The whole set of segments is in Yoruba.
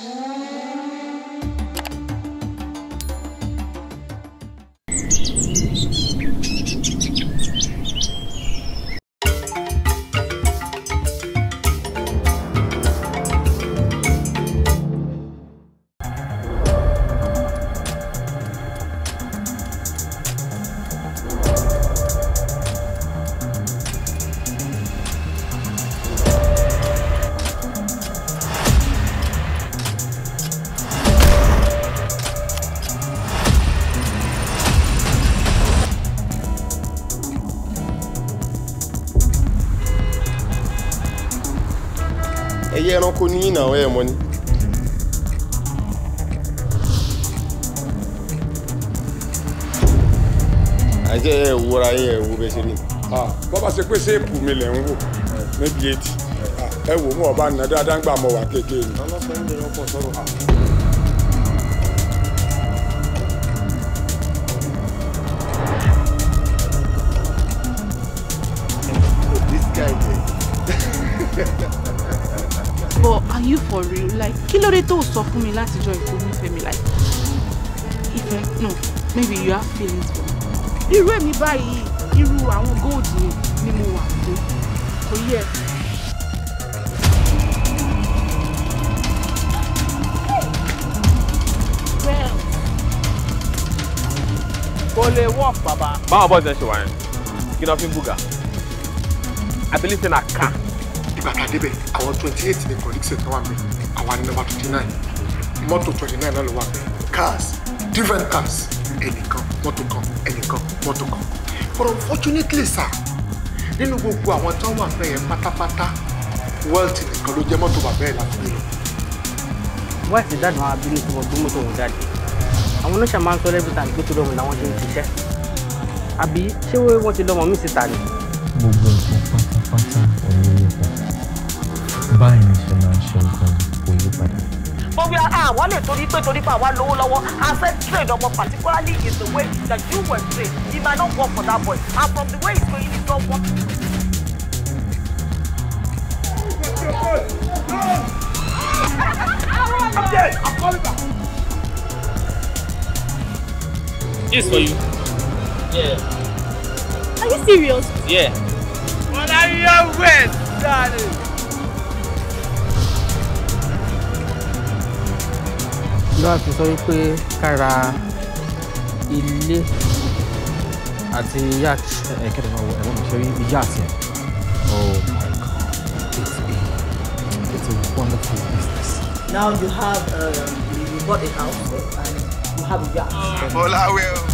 Thank you. mi lẹ̀ ń wò níbi etí ẹ wò mú ọba nà dáadáa ń gbà mọ wà kékeré ni. but are you for real like kí ló dé tó sọ fún mi látijọ́ ìkó nífẹ̀ẹ́ mi like ìfẹ́ no maybe you have feelings for me irú èmi báyìí irú àwọn gold yẹn ni mo wà kò yẹ. kò walk, Baba. Baba, báwo bọ́ọ̀sì ẹ ṣe wà yẹn kí ni I believe in a car. I tá a débẹ̀ àwọn twenty eight ni colleagues tó one mí àwa ni number 29. nine 29 twenty nine Cars, ló cars Any cars ẹnìkan mọ́tò any ẹnìkan mọ́tò kan but unfortunately sir nínú gbogbo àwọn tó wà náà yẹn pátápátá wẹ́ẹ̀tì nìkan ló jẹ́ mọ́tò bàbá ẹ̀ láti gbé lọ. wẹ́ẹ̀tì dáàdùn tó wọ́n gbé mọ́tò wọn jáde àwọn oníṣà máa ń sọ lẹ́bí tàbí tó lọ́mọ làwọn ṣe ń ṣiṣẹ́ àbí ṣé wọ́n ti lọ́mọ mí síta ni. gbogbo nǹkan pátápátá ọ̀rọ̀ yìí pọ̀ báyìí ni ṣe máa ṣe nǹkan kò yí padà but we are ah wa le torí pé torí pé àwa lówó lọ́wọ́ i said trade ọmọ particularly is the way that you were trained it might not work for that boy. And from the way he's going, it's not working. I'm dead. I'm calling back. This for you. Yeah. Are you serious? Yeah. What are you with, darling? lọ́wọ́ fi sọ wípé kára ilé Oh my God, it's a it's a wonderful business. Now you have um, you bought a house and you have a yacht.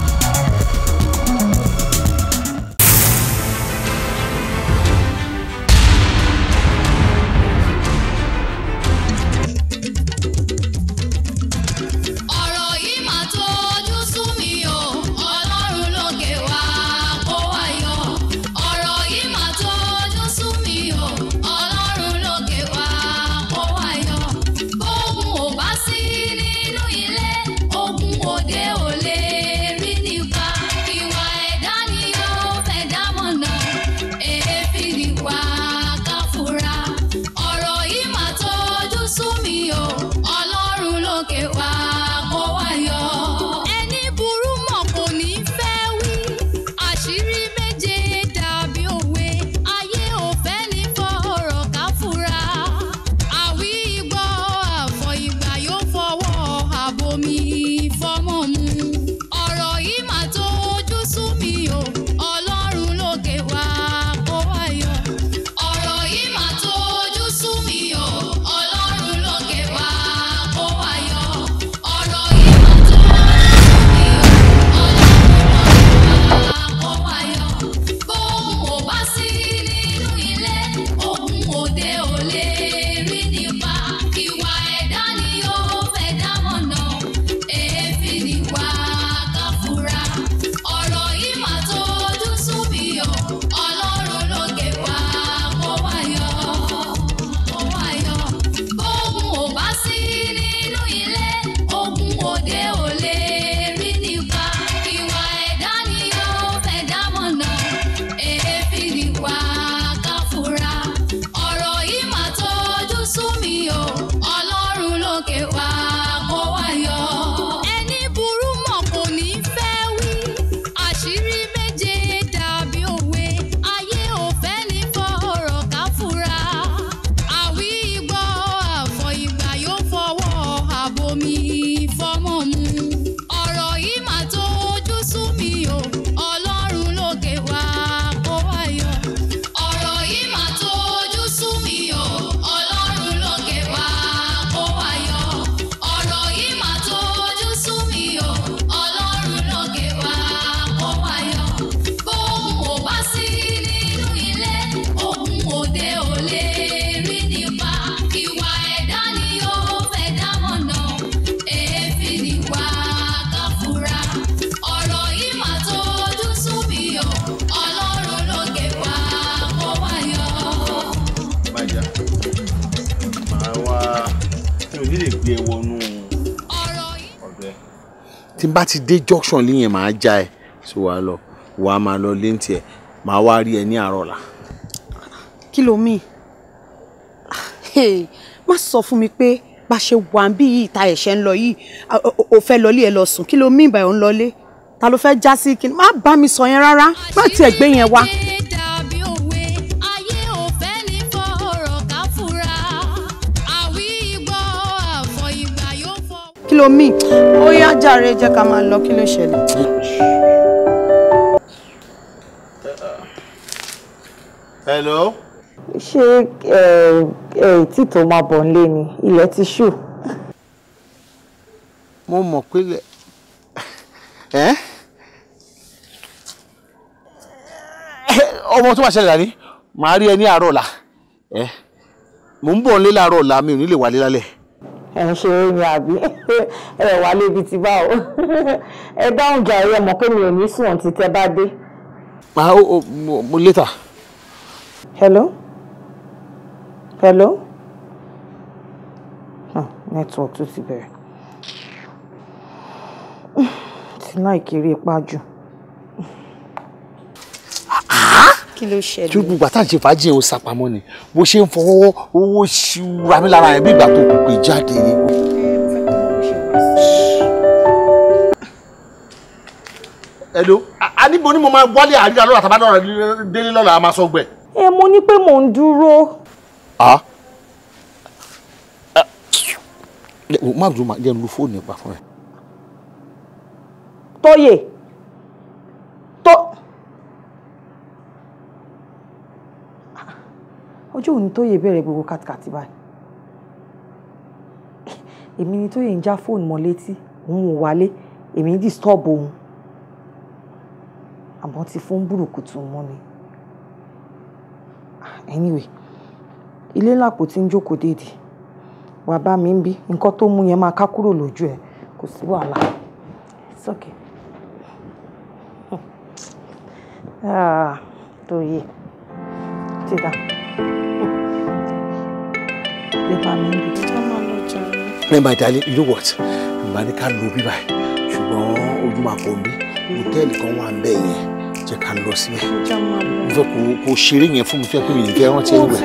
bá ti dé junction lẹ́yìn màá já ẹ so wàá lọ wàá máa lọ lé tiẹ̀ màá wá rí ẹ ní àárọ̀ kí ló mì má sọ fún mi pé bá ṣe wà ń bí yìí ta ẹ̀ṣẹ̀ ń lọ yìí ò fẹ́ lọlé ẹ lọ sùn kí ló mì bá ẹ ń lọlé ta ló fẹ́ já sí kí ni má bá mi sọ yẹn rárá má tiẹ̀ gbé yẹn wá. lo mí ó yá Jare, jẹ́ ká máa lọ kí ló ṣẹlẹ̀. hello. ṣé títò máa bọ̀ ń lé ni ilẹ̀ ti ṣú. mo mọ̀ pé ẹ́ ọmọ tó wà ṣẹlẹ̀ dání màá rí ẹ ní àárọ̀ la ẹ mò ń bọ̀ ń lé láàárọ̀ ọ̀la mi ò ní lè wà lé lálẹ́ ẹ ń é ní àbí ẹ wà lébi ti bá o ẹ dáhùn jà ẹ mọ̀ pé mi ò ní sùn ọ̀n ti tẹ́ bá dé. màá ó mo létà. hello hello ah, network tó ti bẹ̀rẹ̀ tí náà ìkéré pa jù. kí ló ṣẹlẹ̀ tí gbogbo àtàǹṣe fàájì ò sàpamọ́ ni bó ṣe ń fọwọ́ owó ṣúra mi lára ẹ̀ bí ìgbà tó kò pè jáde ni. ẹ̀dọ́ aníbo ni mo máa wálé àríra lọ́la tàbá lọ́la délé lọ́la a máa sọ gbẹ. ẹ mo ní pé mò ń dúró. a má dùn máa jẹ́ lu fóònù nípa fún ẹ. tóyè tó. ọjọ́ òní yẹ bẹ̀rẹ̀ gbogbo kàtìkàtì báyìí èmi ni yẹ ń já fóònù mọ́ létí òun ò wálé èmi ń disturb òun àmọ́ fún mọ́ ni anyway ilé làpò tí ń jókòó dédì wàá bá mi ń bí nǹkan lè ẹ máa jalè you know what ìgbà ní ká lo bíbá ṣùgbọ́n ojú máa kọ mí hòtẹ́ẹ̀lì kan wà ń bẹ̀ yẹn jẹ́ ká lọ síbẹ̀ mo fẹ́ ṣeré yẹn fún mi fẹ́ kí mi ìfẹ́ rántí ẹ̀ wẹ̀.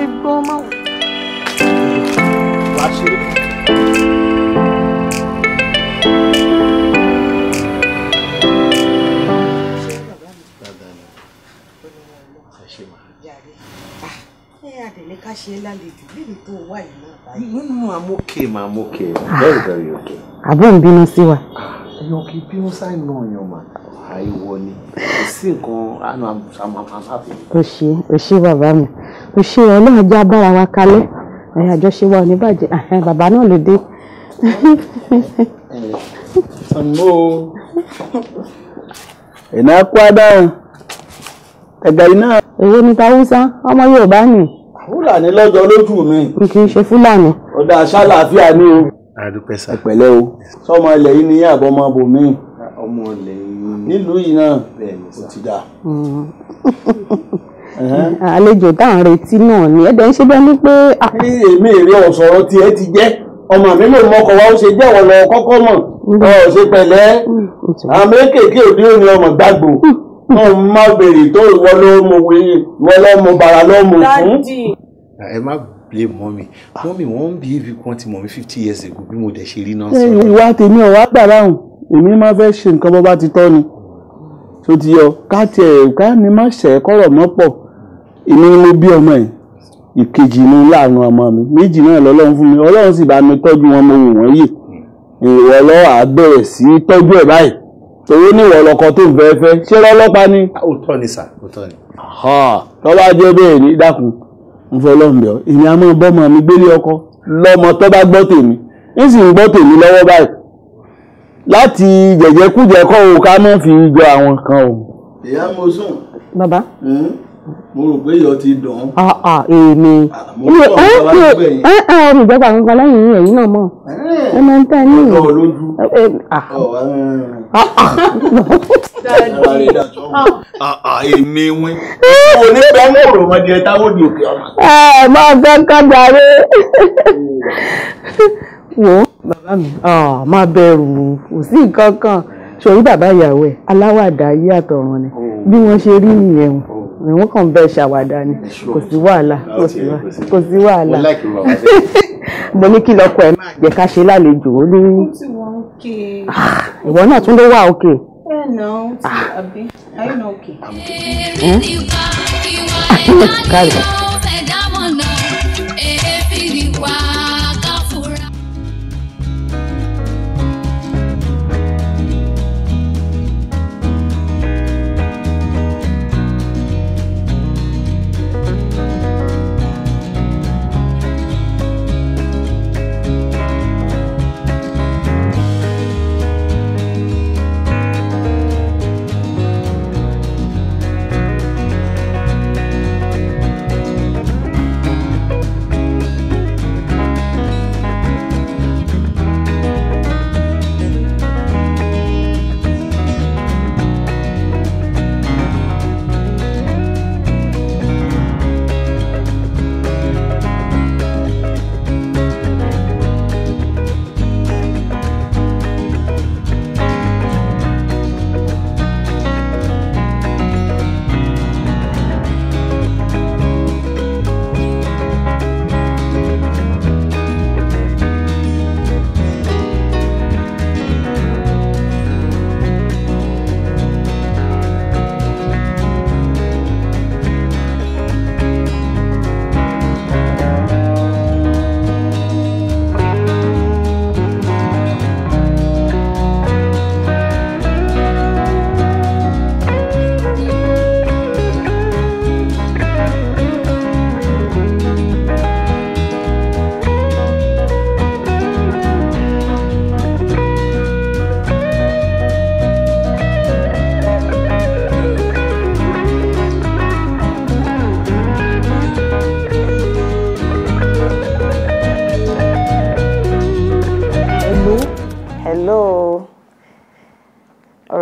No, no, no, I'm okay, ma, I'm okay. Ah. Very, very okay. Àbọ̀ ń bínú sí wa. Ẹ̀yin ah, ò kì í bínú sáì náà yan mà. Àìwọ ni. Kò sí nǹkan àánú àmàfàfẹ́. O ṣe o ṣe bàbá mi. O ṣe ọlọ́run ajá bára wa kalẹ̀. Ẹ̀yin àjọṣe wa ò ní bàjẹ́. Bàbá náà ló dé. Eh, Sàmó. Ìnákwádà. Ẹ̀gbà iná. Èwo ni Tàwùsá? Ọmọ Yorùbá nìyí fúlàní lọ́jọ́ lójú mi. mi kì í ṣe fúlàní. ọ̀dà ṣàlàáfíà ni o. àdúpẹ́ sá. ẹ̀pẹ̀lẹ́ o sọmọ ilẹ̀ yìí ni yín àbọ̀ ọmọ bò mí. ọmọ ilẹ̀ yìí. nílùú yìí náà bẹ́ẹ̀ ni sá. ó ti dà. àlejò tá à ń retí náà ni ẹ̀dẹ̀ ń ṣe bẹ́ẹ̀ ni pé. kí èmi èrè ọ̀sọ̀rọ̀ tiẹ̀ ti jẹ́ ọmọ mi lè mọkọ̀ wá ó ṣe jẹ́ ọ̀wọ̀ lọ kọ́kọ́ mọ̀ ọ̀ mm. ṣe pẹ̀lẹ́ mm. àmì kéèké òdi òní ọmọ gbàgbọ́ mm tó ń má bèrè tó ìwọ ló mú wí ìwọ ló mú bàrà ló mú fún. ẹ má blame mọ́mì mọ́mì wọ́n ń bíyèbí kan ti mọ̀mí fifty years ago bí mo dẹ̀ ṣe rí náà sọ̀rọ̀. ìwà tèmi ò wá gbà láwùn èmi máa fẹ́ ṣe nǹkan bó bá ti tọ́ ni tó ti yọ ká tiẹ̀ ká ní má ṣẹ̀ kọ́rọ̀ mọ́ pọ̀ èmi ni mo bí ọmọ ẹ̀ ìkejì ni láàánú ọmọ mi méjì náà lọ́lọ́run fún mi ọlọ́run sì bá mi tọ́jú wọn mo wò wọ́n yè ìwọ lọ́wọ́ àbẹ̀rẹ̀ sí tọ́jú ẹ̀ báyìí tòwó níwọ̀ ọlọ́kọ tó ń fẹ́ẹ́ fẹ́ ṣé lọ́lọ́pàá ni. ó tọ́ ni sà ó tọ́ ni. lọ́ba jẹ́ bẹ́ẹ̀ ní dákun ń fọ ọlọ́run bẹ̀ ọ́ èmi á máa bọ́mọ mi gbélé ọkọ lọ́mọ tó bá gbọ́ tèmi ń sì ń gbọ́ tèmi lọ́wọ́ báyìí láti jẹ̀jẹ̀kújẹ̀ kọ́ òun ká mọ́ fi jọ àwọn kan òun. ìyá mo sùn. bàbá. Hmm? mo rò pé iyọ̀ ti dùn. Ah, ah, èmi ah, olùjọba eh, eh, eh, kankan lẹ́yìn ẹ̀yìn náà mọ̀ ẹ máa ń tẹ́ ní ìlú. ọ̀dọ́ lójú. èmi wín. mo ní bẹ́ẹ̀ mú òròmọdé táwọn di òkè ọ̀la. ẹ máa fẹ́ kájà wo bàbá mi máa bẹ̀rù kò sí nǹkan kan sọ̀rí bàbá ìyàwó ẹ̀ aláwàdà ayé àtọ̀run ni oh. bí wọ́n ṣe rí nìyẹn o. Oh wọ́n kàn bẹ́ẹ̀ ṣàwàdà ni kò sí wàhálà kò sí wàhálà mo ní kí lọkọ ẹ máa jẹ ká ṣe lálejò ó ní. Ah, ìwọ náà tún ló wà òkè. Ah. Eh? kárí.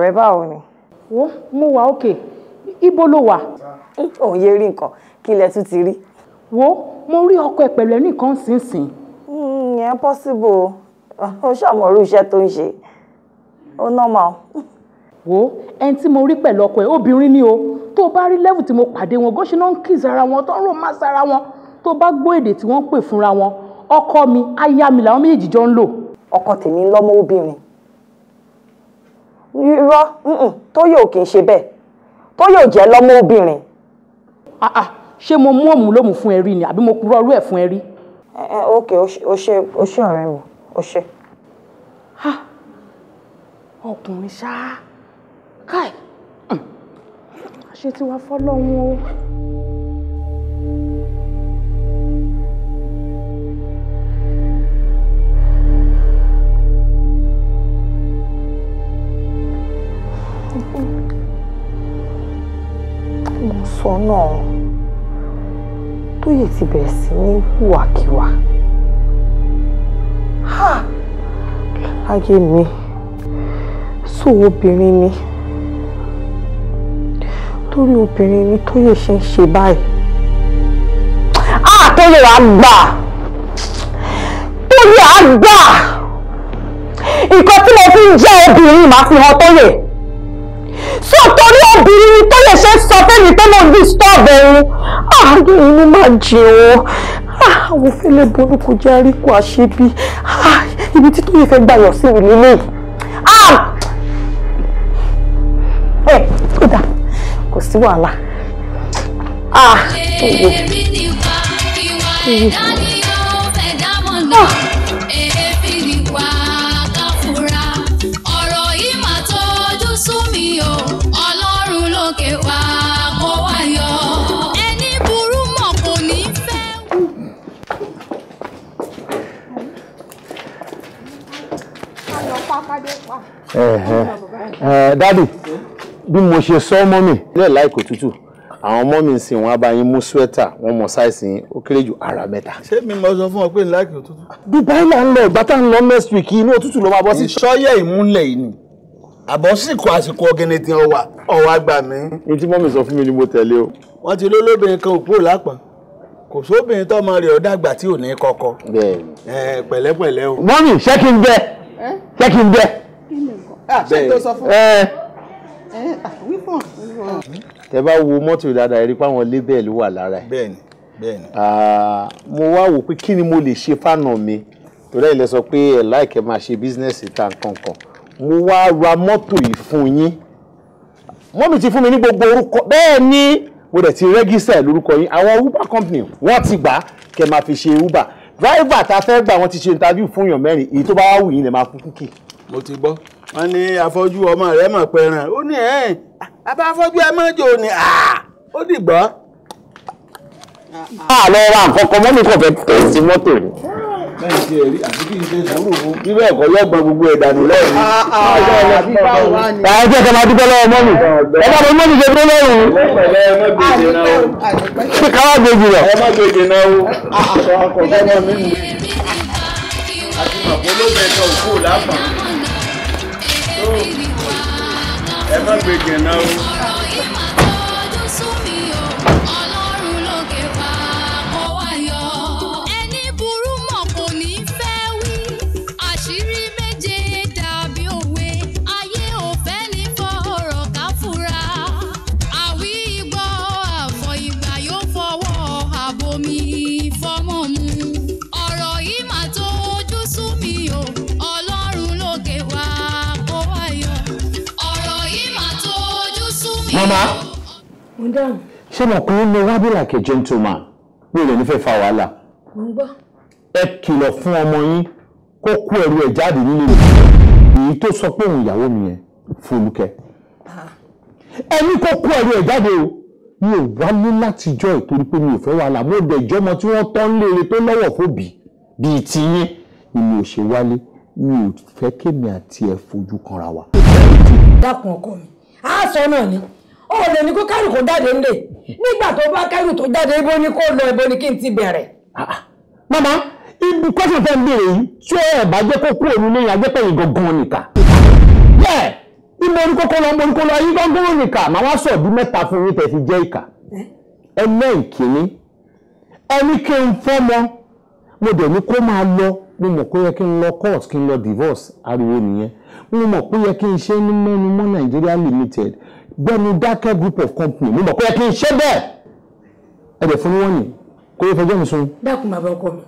rẹ báwo ni. wo mo wà òkè ibo ló wà. òun yé rí nǹkan kí ilẹ̀ tún ti rí. wo mo rí ọkọ ẹ pẹ̀lú ẹni kan sínsìn. Hmm, ìyẹn possible ó ṣàmọ̀ orí iṣẹ́ tó ń ṣe ó normal wo ẹni tí mo rí pẹ̀lú ọkọ ẹ̀ obìnrin ni o tó bá rí level tí mo pàdé wọn gọ́ṣẹ́ náà ń kiss ara wọn tó ń rò máa sára wọn tó bá gbọ́ èdè tí wọ́n pè fúnra wọn ọkọ mi aya mi làwọn méjèèjì jọ ń lò. ọkọ tèmi lọmọ obìnrin irọ́ Tóyè ò kì í ṣe bẹ́ẹ̀ Tóyè ò jẹ́ lọ́mọ obìnrin. Ah, ah, ṣé mo mú òmù lómù fún ẹ rí ni àbí mo purọ́ ọrú ẹ̀ fún ẹ rí. ẹ eh, ẹ eh, ok o ṣe o ṣe ọ̀rẹ́ mi o ṣe. Ah, ọkùnrin ṣáá káì hmm. ṣe tí wàá fọ́ lọ́wọ́ o. mo sọ náà tóyè ti bẹ̀rẹ̀ sí ní hùwàkiwà láyé mi sọ obìnrin ni torí obìnrin ni tóyè ṣe ń ṣe báyìí tóyè wàá gbà tóyè á gbà nǹkan tí mo fi ń jẹ́ obìnrin màá fi hàn tóyè so torí obìnrin tó lè ṣe sọ fẹ́mi tó lọ disturb ẹ̀hún ààyè inú máa jẹun àwọn ah, fẹ́lẹ́ borúkú jẹ́ àríkù àṣebí ah, ibi tí tó yẹ fẹ́ gbà yọ̀ sí ìlú lè. Ah! ẹ ó dà kò sí wàhálà. Ah, oh, oh. Oh. dádì bí mo ṣe sọ ọmọ mi lẹ́ẹ̀ láìkò tútù àwọn ọmọ mi ń sìn wọn abá yín mú swẹ́tà wọn mọ sáìsì yín ó kéré jù ara mẹ́ta. ṣé mi mọ sọ fún ọ pé láìkì òtútù. Dubai là ń lọ ìgbà tá à ń lọ next week inú òtútù ló máa bọ́ sí. ìṣọ́yẹ̀ ìmúlẹ̀ yìí ni àbọ̀sìkò àsìkò ọ̀gẹ̀nẹ̀ ti ọwà ọwà gbà mí. ní tí mọ́mí sọ fún mi ni mo tẹ̀lé o. wọ́n ti lólóbìnrin kan òpó lápọ̀n kò sóbìnrin tọ́mọ rẹ̀ ó dàgbà tí ò ní kọ́kọ́. bẹ́ẹ̀ pẹ̀lẹ́pẹ̀lẹ́ o. mọ́mí ṣé kí n bẹ́ẹ̀ ṣé kí n bẹ́ẹ̀. Ah, ṣé tó sọ fún mi. Eh. Eh, ah, tẹ bá wo mọ́tò dáadáa rí i pé àwọn lébẹ̀lì wà lára ẹ̀. bẹ́ẹ̀ni bẹ́ẹ̀ni. Ah, mo wá wò pé kí ni mo lè ṣe fánà mi torí ẹ̀ lẹ sọ pé ẹ̀ láìkẹ́ máa ṣe bísínẹ́sì ta nǹkan kan mo wá ra mọ́tò yìí fún yín mọ́mì ti fún mi ní gbogbo orúkọ bẹ́ẹ̀ ni mo dẹ̀ ti rẹ́gísẹ̀ lórúkọ yín àwọn uber company wọ́n ti gbà kẹ́ máa fi ṣe uber driver tá a fẹ́ gbà wọ́n ti ṣe interview fún yàn mẹ́rin èyí tó bá wù yín lè máa kú kúkì. mo ti gbọ́ wọ́n ní afọ́jú ọmọ rẹ̀ mọ̀ pẹ̀ràn ó ní ẹ̀ẹ́n abá afọ́jú ẹ mọ́jọ ni ó dìgbọ́. máa lọ ra nǹkan kan mọ́mí kò fẹ́ tẹ̀ sí mọ́tò ni. bẹ́ẹ̀ ti ẹ̀rí àti kí n ṣe sùúrù fún. bí bẹ́ẹ̀ kọ́ yọ̀gbọ̀n gbogbo ẹ̀ dànù lẹ́yìn. báyọ̀ jẹ́ kí a máa dúpẹ́ lọ́wọ́ mọ́mí. ẹ bá mi mọ́mí ṣe dúró lẹ́rù. ṣé káwá gbèjì rẹ̀. ẹ má gbèjì náà o. àkọ́kọ́ ah, ah, ah, bẹ́ẹ̀ mi ẹ má gbé náà o. Mama, mo dáhùn. ṣé mo pín in wá bí like a gentleman mi ò lè nífẹ̀ẹ́ fa wàhálà. mo ń gbọ́. ẹ kìlọ̀ fún ọmọ yín kó kó ẹrù ẹ̀ jáde nílé rẹ̀ èyí tó sọ pé òun ìyàwó mi yẹn Fọlúkẹ́. Ah. ẹni kó kó ẹrù ẹ̀ jáde o mi ò wálé látijọ́ ìtorí pé mi ò fẹ́ wàhálà mo dẹ̀ jọmọ tí wọ́n tán léere tó lọ́wọ́ fòbí bíi tiyín ni mi ò ṣe wálé mi ò fẹ́ kémi àti ẹ̀ fojú kanra wa. dákun ọkọ mi àá náà ni ó ni ní kó kẹ́rù kó jáde ńlẹ̀ nígbà tó bá kẹ́rù tó jáde ibo ni kó lọ ibo ni kí n ti bẹ̀rẹ̀. Ah, ah. mama ibi kọ́sìn fẹ́ béèrè yìí tí ẹ bá jẹ́ kó kúrò nínú ìyá jẹ́pẹ̀ yìí gangan nìkan. bẹ́ẹ̀ ìmọ̀ orí kókó lọ mọ̀ orí kó lọ ayé gangan nìkan màá wá sọ̀ bí mẹ́ta fún yín tẹ̀sí jẹ́ ìkà. ẹlẹ́ǹkìní ẹni kí n fọ́mọ mo dẹ̀ ní kó máa lọ mo mọ̀ pé yẹ kí n lọ court kí n lọ divorce ariwo nìyẹn mo mọ̀ pé yẹ kí n ṣe ní mẹ́nu mọ́ Nigeria limited gbẹ́nu dákẹ́ group of company mo mọ̀ pé ẹ kì í ṣe bẹ́ẹ̀ ẹ dẹ̀ fún wọn ni kó yẹ fẹjọ́ mi sun. dákun bàbá ọkọ mi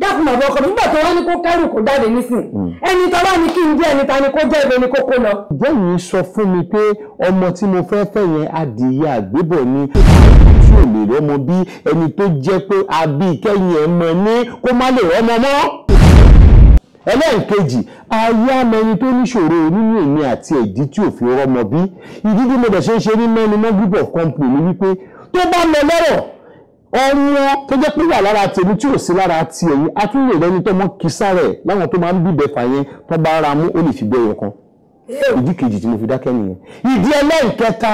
dákun bàbá ọkọ mi nígbà tó wá ní kó kẹrù kó jáde nísìn hmm. ẹni tó wá ní kí n jẹ́ ẹni ta ni kó jẹ́ ibẹ̀ ni kó kó lọ. jẹ́yìn sọ fún mi pé ọmọ tí mo fẹ́ fẹ́ yẹn adìyẹ àgbébọ̀ ni tí ò lè rọ́mọ bí ẹni tó jẹ́ pé àbí ìkẹyìn ẹ̀ mọ̀ ní kó má lè rọ́mọ mọ́ ẹlẹ́ẹ̀kejì ayé amẹni tó níṣòro nínú èmi àti ẹ̀dí tí ò fi rọ́mọ bí ìdí tí mo dẹ̀ ṣe ní mẹ́ni mọ́ group of company ni wípé tó bá mọ lọ́rọ̀ ọ̀wọ́n tó jẹ́ pé wà lára tèmi tí ò sí lára ti ẹ̀yìn a tún tó mọ́ kí sára láwọn tó máa ń bíbẹ̀ fà yẹn tó bá ara mú ó lè fi gbé ẹyọkan ìdí kejì tí mo fi dákẹ́ nìyẹn ìdí ẹlẹ́ẹ̀kẹta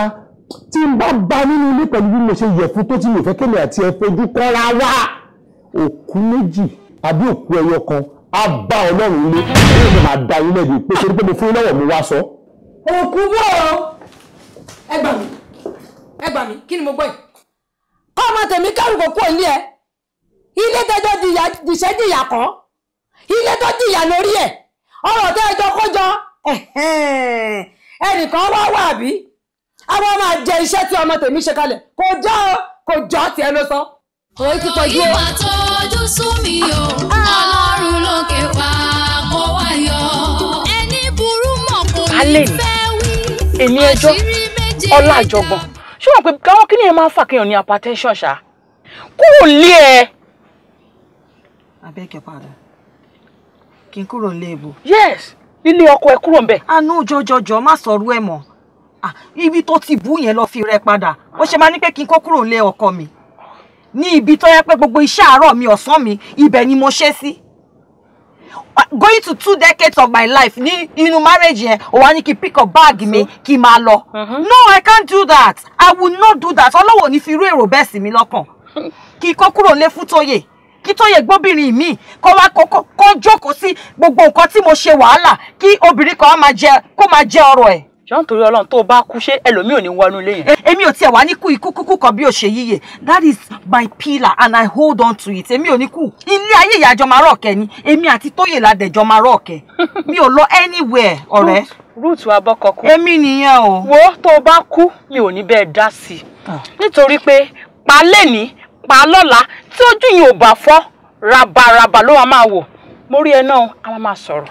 tí n bá ba nínú ilé pẹ̀lú bí mo ṣe yẹ̀ fún tó ti lè fẹ́ kéde àti ẹ̀ fojú kọ́ra wá òkú méjì àbí òkú ẹyọ kan á bá ọlọ́run ilé ẹ̀rọ mi máa da ilé ìdí pé torí pé mo fún yín lọ́wọ́ mi wá sọ. òkú wò ó ẹ gbà mí ẹ gbà mí kí ni mo gbọ́ yìí. kọ́ ọmọ tèmi kẹ́rù kò kúrò ní ẹ ilé tẹjọ dìṣẹ́ dìyà kọ́ ilé tó dìyà lórí ẹ ọ̀rọ̀ tẹ́ ẹjọ́ kójọ ẹnìkan wá wà bí àwọn ọmọ àjẹ iṣẹ́ tí ọmọ tèmi ṣe kalẹ̀ kò jọ́ kò jọ́ tiẹ̀ ló sọ. ọ̀rọ̀ ìmọ̀ tó ojú mi o sókè wá kó wá yọ. ẹni burú mọ̀ kò ní fẹ́ wí. èmi ẹjọ́ ọlá àjọgbọ̀n ṣé wọn pe káwọn kí ni ẹ máa fà kéèyàn ní hypertension ṣá kúrò lé ẹ. abẹ́kẹ̀ padà kí n kúrò nílé ibo. yes nílé ọkọ ẹ kúrò ńbẹ̀. àánú ah, jọjọjọ má sọ̀rọ̀ ẹ mọ́ ah, ibi tó ti bú yẹn lọ fi rẹ padà ó ṣe máa ní pé kí n kó kúrò nílé ọkọ mi ní ibi tó yẹ pé gbogbo iṣẹ́ àárọ̀ mi ọ̀sán mi ibẹ̀ ni mo ṣe sí going to two decades of my life ní inú marriage yẹn ó wá ní kí pick up bag mi kí máa lọ uh-huh. no i can't do that i will not do that ọlọ́wọ́ ní fi irú èrò bẹ́ẹ̀ sí mi lọ́kàn kí kó kúrò lé fún tóyè kí tóyè gbóbìnrin mi kó wá kó jókòó sí gbogbo nǹkan tí mo ṣe wàhálà kí obìnrin kan máa jẹ kó máa jẹ ọrọ̀ ẹ̀ jọ́n torí ọlọ́run tó bá kú ṣé ẹlòmíì ò ní wọnú ilé yẹn. E, èmi ò tiẹ̀ wá ní kú ikú kúkú kan bí ó ṣe yíyẹ that is my pillar and i hold on to it èmi ò ní kú ilé ayé ìyàjọ máa rọ̀ọ̀kẹ́ ni èmi àti tóyè ládẹjọ máa rọ̀ọ̀kẹ́ mi ò lọ anywhere ọ̀rẹ́. rúùtù abọ́kọ̀kú. èmi nìyẹn o. wo tó bá kú mi ò ní bẹ́ẹ̀ dá sí i ah. nítorí pé pa lẹ́ni pa lọ́la tí ojú yìí ò bá fọ́ rabaraba ló máa wò mo rí ẹ náà a máa sọ̀rọ̀.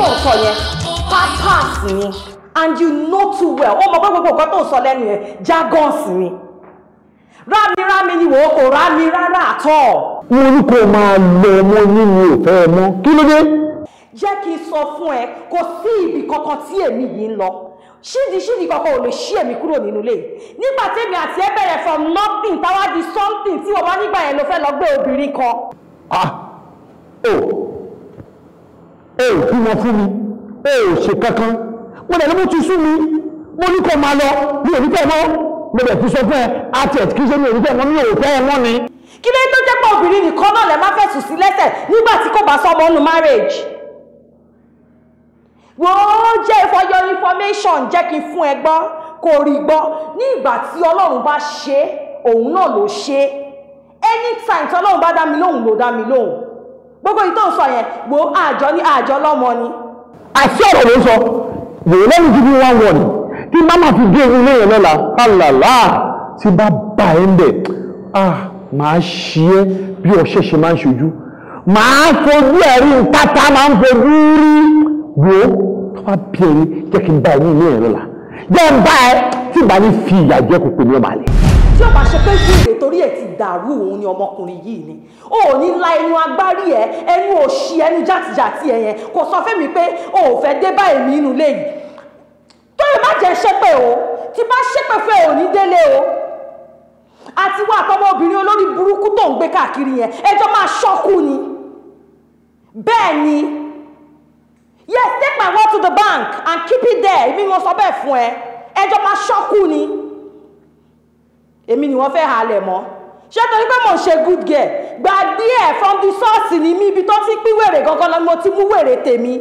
tó ń sọ yẹn papas ni and you know too well ó mọ pé gbogbo nǹkan tó ń sọ lẹ́nu yẹn jargons ni rámirámi ni wò ó kò rámi rárá àtọ̀. mo ní kó máa lọ ọmọ nínú òfẹ́ ẹ mọ́ kí ló dé. jẹ́ kí n sọ fún ẹ kò sí ibì kankan tí èmi yìí ń lọ ṣídi ṣídi kankan ò lè ṣí èmi kúrò nínú ilé nígbà tèmi àti ẹ bẹ̀rẹ̀ from nothing táwa di something tí wọ́n bá nígbà yẹn ló fẹ́ lọ gbé obìnrin kan. ah oh ẹ ò bímọ fún mi ẹ ò ṣe kankan mo dẹ̀ ní mo ti sú mi mo ní kó máa lọ mi ò ní tẹ̀ mọ́ mo dẹ̀ ti sọ fún ẹ àti ẹ̀ kí ṣe mi ò ní tẹ̀ mọ́ ni. kí ló ń tó jẹ́ pé obìnrin nìkan náà lè má fẹ̀sùn sí lẹ́sẹ̀ nígbà tí kò bá sọmọ nù marriage wò ó jẹ́ for your information jẹ́ kí n fún ẹ gbọ́ kò rí gbọ́ ní ìgbà tí ọlọ́run bá ṣe òun náà ló ṣe anytime tí ọlọ́run bá dá mi lóhùn ló dá mi lóhùn gbogbo ìtò sọ yẹn wo àjọ ní àjọ lọ́mọ ni. àti ọ̀rọ̀ ló sọ wòó lẹ́yìn gidi wá wọ̀ ni kí má má fi gé ilé yẹn lọ́la kálàlá tí bá bà ẹ́ ń bẹ̀ ah màá ṣí ẹ́ bí ọ̀ṣẹ́ ṣe máa ń ṣojú màá fojú ẹ̀ rí nǹkátá máa ń fojú rí wo tó bá bí ẹni jẹ́ kí n bá ẹ ní ilé yẹn lọ́la jẹ́ n bá ẹ tí ìgbà ní fi ìyà jẹ́ kò pè ní ọ̀bàlẹ̀ tí ó bá ṣe pé wíìrè torí ẹ̀ ti dàrú òun ni ọmọkùnrin yìí ni o ò ní la ẹnu agbárí ẹ ẹnu òṣì ẹnu jàtìjàtì ẹ yẹn kò sọ fẹ́mi pé o ò fẹ́ dé bá èmi inú lé yìí tó lè má jẹ́ ṣépè o tí bá ṣépè fẹ́ ò ní délé o àti wá àtọmọ obìnrin olórí burúkú tó ń gbé káàkiri yẹn ẹjọ́ máa ṣọ́kú ni bẹ́ẹ̀ ni yes take my word to the bank and keep it there èmi mo sọ bẹ́ẹ̀ fún ẹ ẹjọ́ máa ṣọ́kú ni èmi ni wọ́n fẹ́ halẹ̀ mọ́ ṣé torí pé mò ṣe good girl gbàgbé ẹ̀ from the source ni mí ibi tó ti pín wèrè gangan lọ ni mo ti mú wèrè tèmi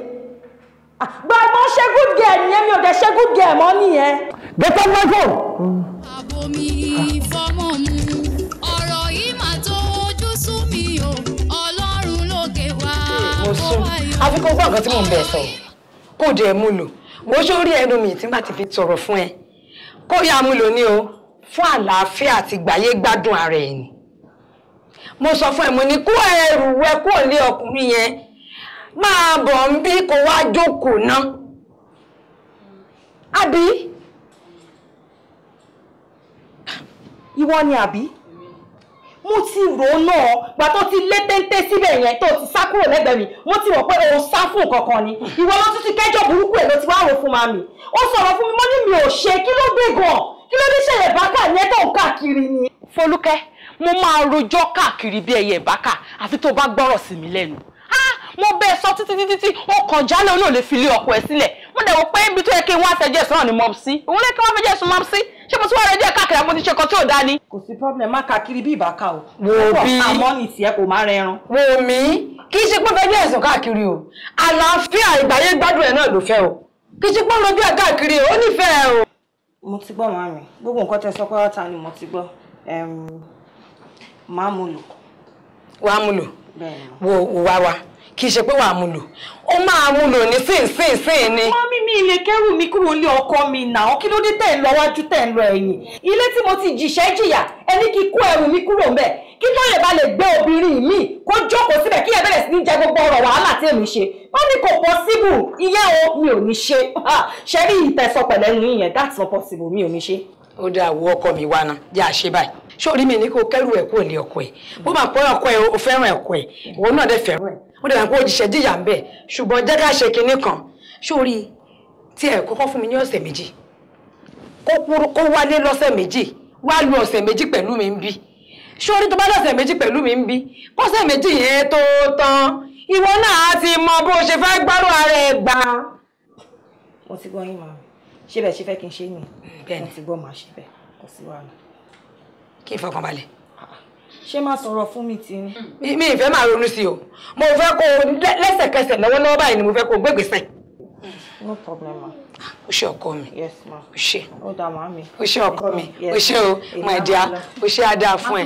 ah, gbàgbọ́ ṣe good girl nìyẹn mi ò dẹ̀ ṣe good girl mọ́ nìyẹn. get off my phone. fọmọ mu ọ̀rọ̀ yìí mà tó ojú sú mi o ọlọ́run lókè wá wá yọ. àfi kó gbọ́ nǹkan tí mò ń bẹ̀ sọ kó dẹ̀ mú lò ṣó rí ẹnu mi tí n bá ti fi tọrọ fún ẹ kó yá mú lò o fún àlàáfíà àti gbàyé gbádùn ara ẹ̀ ni mo sọ fún ẹ mo ní kó ẹrù wẹ kó lé ọkùnrin yẹn máa bọ̀ ń bí kó wá jókòó náà àbí ìwọ ni àbí mo ti rò ó náà gbà tó ti lé téńté síbẹ̀ yẹn tó ti sá kúrò lẹ́gbẹ̀ẹ́ mi mo ti rò pé òun sá fún nǹkan kan ni ìwọ ló tún ti kẹ́jọ́ burúkú ẹ̀ ló ti wá rò fún màmí ó sọ̀rọ̀ fún mi mo ní mi ò ṣe kí ló dé gan-an kí ló ní ṣẹlẹ̀ bákà yẹn tó ń káàkiri ni. Folúkẹ́ mo máa rojọ́ káàkiri bí ẹyẹ bákà àfi tó bá gbọ́rọ̀ sí mi lẹ́nu mo bẹ́ẹ̀ sọ títí títí tí ó kàn jálẹ̀ òun náà lè fi lé ọkọ ẹ̀ sílẹ̀ mo dẹ̀ wò pé ibi tó yẹ kí n wá fẹjẹ́ sùn náà ni mo sí òun lè kí wọ́n fẹjẹ́ sùn mo sí ṣé mo tún wá rẹjọ́ káàkiri àpótí ṣe kan tí ò dá ni. kò sí problem má káàkiri bí ìbáka o. wo bí àmọ́ ní tiẹ̀ kò má rẹran. wo mi kì í ṣe pé fẹjẹ́ ẹ̀sùn káàkiri o àlàáfíà ìgbàyé gbádùn ẹ̀ náà ló fẹ́ o kì í ṣe pé ń rojú ẹ̀ káàkiri o ó nífẹ̀ẹ́ o mo ti gbọ́ màá mi gbogbo nǹkan tẹ́ sọ pé ọ̀tá ni mo ti gbọ́ màá mu lò. wàá mu lò wo wá wa kì í ṣe pé wàá mu lò ó máa mu lò ní sínsínsín ni. mọ́mí mi ilé kẹ́rù mi kúrò nílé ọkọ mi náà kí ló dé tẹ̀ ń lọ wájú tẹ̀ ń lọ ẹ̀yìn ilé tí mo ti jìṣẹ́ jìyà ẹni kí kó ẹrù mi kúrò mbẹ̀ kí lóye bá lè gbé obìnrin mi kó jókòó síbẹ̀ kí ẹ bẹ̀rẹ̀ sí ní jẹ gbogbo ọ̀rọ̀ wàhálà tí èmi ṣe wọ́n ní kò possible iye o mi ò ní ṣe ṣe rí ìtẹ̀sọ pẹ̀lẹ́ nu yẹn that's not possible mi ò ní ṣe. ó dáa wo ọkọ mi wá ná yá a ṣe báyìí sórí mi ní kó kẹ́rù ẹ̀ kúrò ní ọkọ ẹ̀ bó máa pọ́ ọkọ ẹ̀ o fẹ́ràn ẹ̀kọ́ ẹ̀ òun náà dẹ̀ fẹ́ràn ẹ̀ ó dẹ̀ kó jìṣẹ́ jìyà ń bẹ̀ ṣùgbọ́n jẹ́ ká ṣe kinní kan ṣórí tó bá lọ́sẹ̀ méjì pẹ̀lú mi ń bí kọ́sẹ̀ méjì yẹn tó tán ìwọ náà á ti mọ bó ṣe fẹ́ gbárò ara ẹ gbà. mo ti gbọ́ yín mọ́ ṣé bẹ́ẹ̀ ṣe fẹ́ kí n ṣe ni bẹ́ẹ̀ ni ti gbọ́ màá ṣe bẹ́ẹ̀ kò sí wàhálà. kí n fọkàn balẹ̀. ṣé máa sọ̀rọ̀ fún mi ti ní. mi ìfẹ́ máa ronú sí o mo fẹ́ kó lẹ́sẹ̀kẹsẹ̀ lọ́wọ́lọ́wọ́ báyìí ni mo fẹ́ kó gbégbèsẹ̀. no problem ma o ṣé ọkọ mi o ṣé o ṣé ọkọ mi o ṣé o my dear o ṣé adá fún ẹ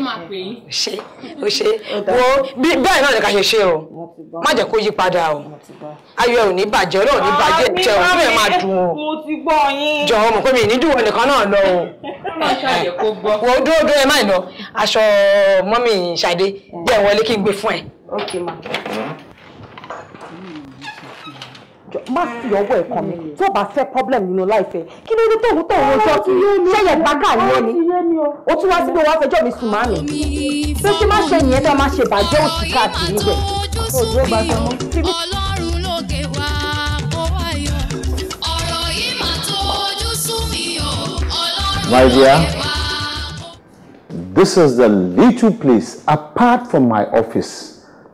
o ṣé o ṣé wo bẹ́ẹ̀ náà lè ká ṣe ṣe o má jẹ́ kó yí padà o ayọ̀ ò ní bàjẹ́ ọlọ́run ní bàjẹ́ jẹ ò ní máa dùn o jọ̀wọ́ mọ̀ pé mi ní dùn ẹnìkan náà lọ o wo dúró dúró ẹ má lọ aṣọ mọ́mì ṣàdé jẹ́ wọlé kí n gbé fún ẹ má sì ọwọ́ ẹ̀ kàn mm. tó bá fẹ́ problem nínú láìfẹ́ kí ló dé tóun tóun ọjọ́ tí ṣẹ̀yẹ̀ gbáka yẹn ni ó tún wá sí pé wọ́n á mi sùn máa mi pé kí má ṣe yẹn tó má ṣe bàjẹ́ òsì káàkiri bẹ̀. ọlọ́run lókè This is the little place apart from my office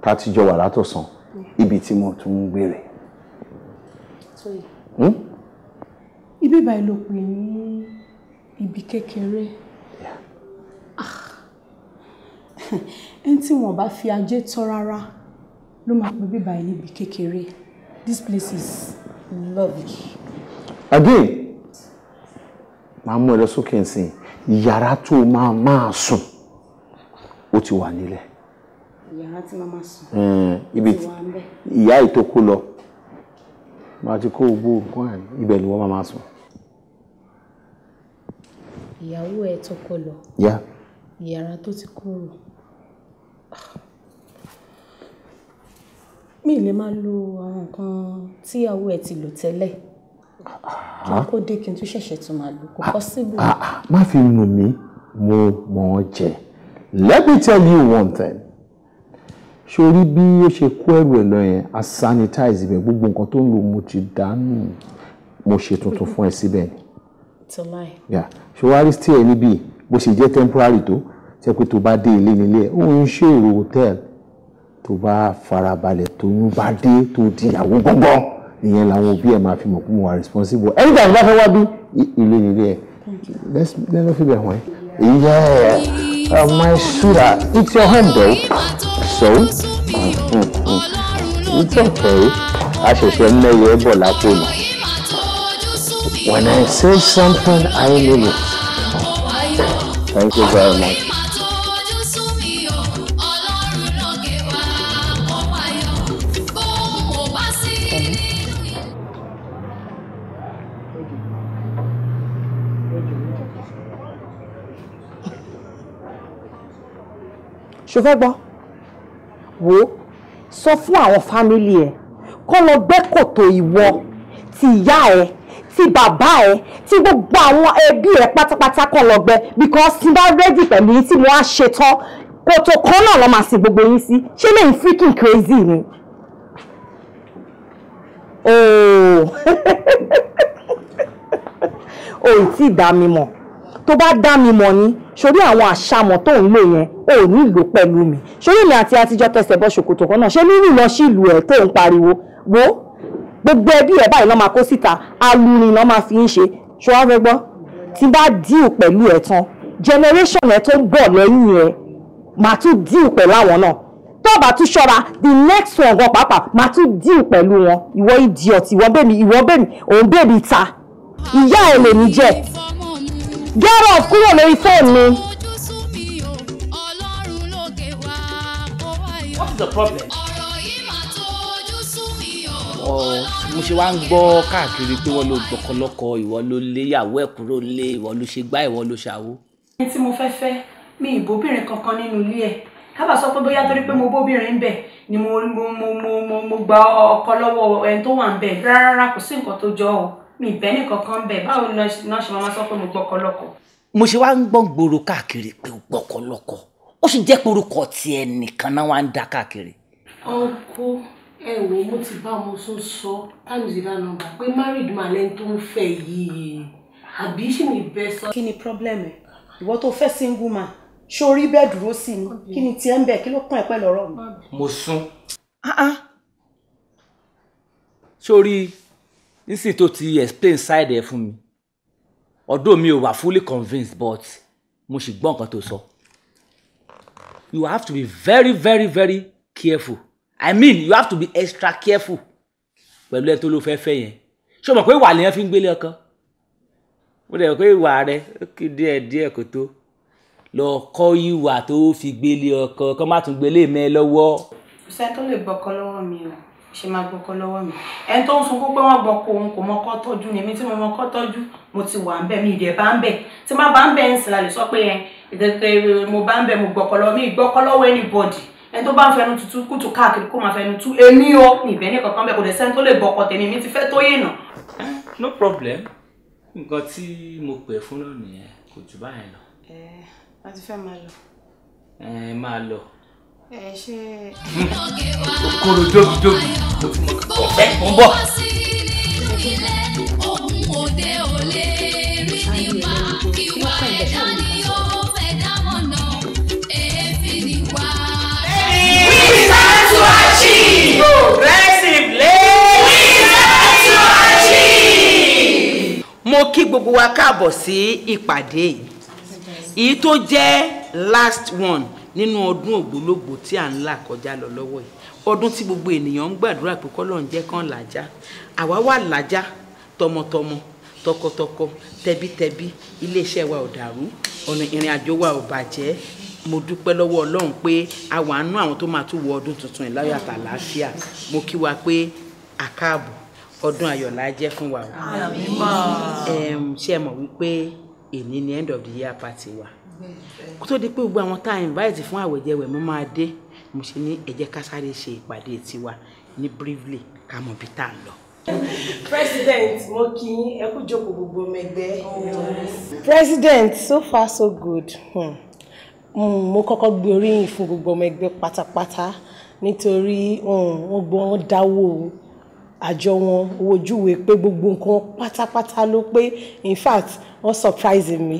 tá a ti jọ wà látọ̀sán ibi tí mo Hm? ibi báyìí ló pè ní ibi kékeré ah. ẹni tí wọn bá fi ajé tọ́ rárá ló máa pè bíbá yìí níbi kékeré this place is lovely. again màá mú ẹ lọ sókè nsìn yàrá tó máa máa sùn ó ti wà nílẹ̀. yàrá tí màá máa sùn. ibi ìyá ìtókò lọ màá ti kó gbogbo nǹkan ẹ̀ ibẹ̀ ni wọ́n máa máa sùn. ìyàwó ẹ tọkọ lọ. yá. ìyàrá tó ti kúrò. mi lè máa lo àwọn nǹkan tíyàwó ẹ ti lò tẹ́lẹ̀ kí n kó dé kí n tún ṣẹ̀ṣẹ̀ tún máa lò kò possible. Ah, ah, ah, má fi nù mí mo mọ̀ ọ́ jẹ let me tell you one thing sórí bí ó ṣe kó ẹrù ẹ̀ lọ yẹn a sanitize ibẹ̀ gbogbo nǹkan tó ń lò mo ti dànù mo ṣe tuntun fún ẹ síbẹ̀ ni. ṣòwárí stay níbí bó ṣe jẹ́ temporary tó ṣe pé tó bá dé ilé nílé ẹ̀ ó ń ṣe èrò hotel tó bá farabalẹ̀ tó ń bá dé tó di ìyàwó gbọ́ngbọ́n ìyẹn làwọn òbí ẹ̀ máa fi mọ̀ pé mo wà responsible anytime bá fẹ́ wá bí ilé nílé ẹ̀ lẹ́nu fi bẹ̀ wọ́n ẹ̀. Yeah, uh, my sugar, it's your handbag so. Nítorí a ṣẹ̀ṣẹ̀ mẹ́yẹ bọ̀ lápò ni. When I say something, I mean it. Thank you very much. ṣe fẹ́ gbọ́ wo sọ fún àwọn fámìlì ẹ kó lọ gbẹ́ kòtò ìwọ ti ìyá ẹ ti bàbá ẹ ti gbogbo àwọn ẹbí ẹ pátápátá kó lọ gbẹ́ because tí bá rẹ́dì pẹ̀lú yín tí mo á ṣe tán kòtò kan náà lọ máa sin gbogbo yín sí ṣé lè ń freaking crazy ni. ooo oh. o ì tí ì dá mi mọ̀ tó bá dá mi mọ̀ ni sórí àwọn àṣàmọ̀ tó ń lò yẹn ò ní ìlò pẹ̀lú mi sórí mi àti àtijọ́ tẹsẹ̀ bọ́ ṣòkòtò kan náà ṣé nínú lọ sí ìlú ẹ̀ tó ń pariwo wo gbogbo ẹbí ẹ̀ báyìí lọ́ máa kó síta alurin lọ́ máa fi ń ṣe ṣọ́ wá fẹ́ gbọ́ tí bá díù pẹ̀lú ẹ̀ tán generation ẹ̀ tó ń bọ̀ lẹ́yìn ẹ̀ màá tún díù pẹ̀lú àwọn náà tó tún ṣọ́ra the next one gan pàápàá màá tún díù pẹ̀lú wọn ìwọ idiot ìwọ bẹ́ẹ̀ mi ìwọ bẹ́ẹ̀ mi òun bẹ́ẹ̀ mi ta ìyá ẹ̀ lèmi jẹ́ get off kúrò lórí fóònù mi. what is the problem? mo ṣe wá ń gbọ́ káàkiri pé wọ́n ló gbọ́kọlọ́kọ ìwọ ló lé ìyàwó ẹ̀ kúrò lé ìwọ ló ṣe gbá ìwọ ló ṣàwó. ẹni tí mo fẹ́ fẹ́ mi ìbóbìnrin kankan nínú ilé ẹ̀ kábà sọ pé bóyá torí pé mo bóbìnrin bẹ̀ ni mo mo mo mo gba ọkọ lọ́wọ́ ẹni tó wà ń bẹ̀ rárá kò sí nǹkan tó jọ ọ́ mi bẹ́ẹ̀ ní kankan bẹ́ẹ̀ báwo ni náà ṣe máa sọ pé mo gbọ́kọ lọ́kọ. mo ṣe wá ń gbọ́n gbòòrò káàkiri pé o gbọ́kọ lọ́kọ ó sì jẹ́ pé orúkọ tiẹ̀ nìkan náà wá ń da káàkiri. ọkọ ẹ wo mo ti bá ọmọ tó sọ times ìlà nọ́mbà pé married man lẹni tó ń fẹ́ yìí àbí ṣì ní bẹ sọ. kí ni problem ẹ ìwọ tó fẹ́ single man ṣó rí bẹ́ẹ̀ dúró sí ni kí ni tiẹ̀ ń bẹ̀ kí ló kún ẹ pẹ́ mi. mo sún. Ah, ah. ṣó rí i nísìnyí tó ti explain side ẹ fún mi ọ̀dọ̀ mi ò wà fully convinced but mo sì gbọ́ nǹkan tó sọ you have to be very very very careful i mean you have to be extra careful pẹ̀lú ẹ tó ló fẹ́ fẹ́ yẹn ṣé o mọ̀ pé ìwà lèèyàn fi ń gbélé ọkàn mo dẹ̀ pé ìwà rẹ ó kì í díẹ̀ díẹ̀ kó tó lọ kọ́ ìwà tó fi gbélé ọkàn kó má tún gbélé mẹ́ lọ́wọ́. kò tó lè gbọ́kọ́ lọ́wọ́ mi o ṣe máa gbọ́kọ́ lọ́wọ́ mi ẹni tó ń sunkún pé wọ́n gbọ́kọ́ òun kò mọ́kọ́ tọ́jú ni èmi tí mo mọ́kọ́ tọ́jú mo ti wà ń bẹ̀ mi ìdẹ̀ bá ń bẹ̀ tí má bá ń bẹ̀ ń sì la lè sọ pé ìdẹ̀kẹ̀ mo bá ń bẹ̀ mo gbọ́kọ́ lọ́wọ́ mi ìgbọ́kọ́ lọ́wọ́ anybody ẹni tó bá ń fẹnu tutù kùtù káàkiri kó máa fẹnu tú èmi o ìbẹ́ ní kankan bẹ́ẹ̀ kò dẹ̀ sẹ́ni tó lè gbọ́kọ́ tèmi mi ti fẹ́ tó yìnà. no problem nǹkan tí mo pè fún náà nìyẹn kò jù báyẹn lọ. ẹ ẹ máa lọ ẹ ṣe. kòkòrò jókòjókò ló fi mọ ọfẹ mò ń bọ. mo kí gbogbo wa káàbọ̀ sí ìpàdé yìí tó jẹ́ last one nínú ọdún ògbólógbò tí à ń là kọjá lọ lọ́wọ́ yìí ọdún tí gbogbo ènìyàn ń gbàdúrà pé kọ́lọ́run jẹ́ kán làjá àwa wà làjá tọmọtọmọ tọkọtọkọ tẹbítẹbí iléeṣẹ́ wa ò dàrú ọ̀nà ìrìn àjò wa ò bàjẹ́ mo dúpẹ́ lọ́wọ́ ọlọ́run pé a wà nú àwọn tó máa tún wọ ọdún tuntun yìí láyọ̀ àtàlàáfíà mo kí wa pé àkáàbọ̀ ọdún ayọ̀ la jẹ́ fún wa o ṣé ẹ mọ̀ wípé èní ni end of the year party wa kó tó di pé gbogbo àwọn tá a invite fún àwẹ̀jẹwẹ̀ mo máa dé mo ṣe ní ẹ jẹ́ ká sáré ṣe ìpàdé tiwa ní briefly ká mọ̀ bí tá a lọ. president mo kí yín ẹ kú jókòó gbogbo ọmọ ẹgbẹ́. president so far so good hmm. Hmm, mo kọ́kọ́ gbé oríyìn fún gbogbo ọmọ ẹgbẹ́ pátápátá nítorí hmm, wọ́n gbọ́ wọ́n dáwọ́ àjọ wọn owó ojúwe pé gbogbo nǹkan pátápátá ló pé in fact wọ́n surprise mi.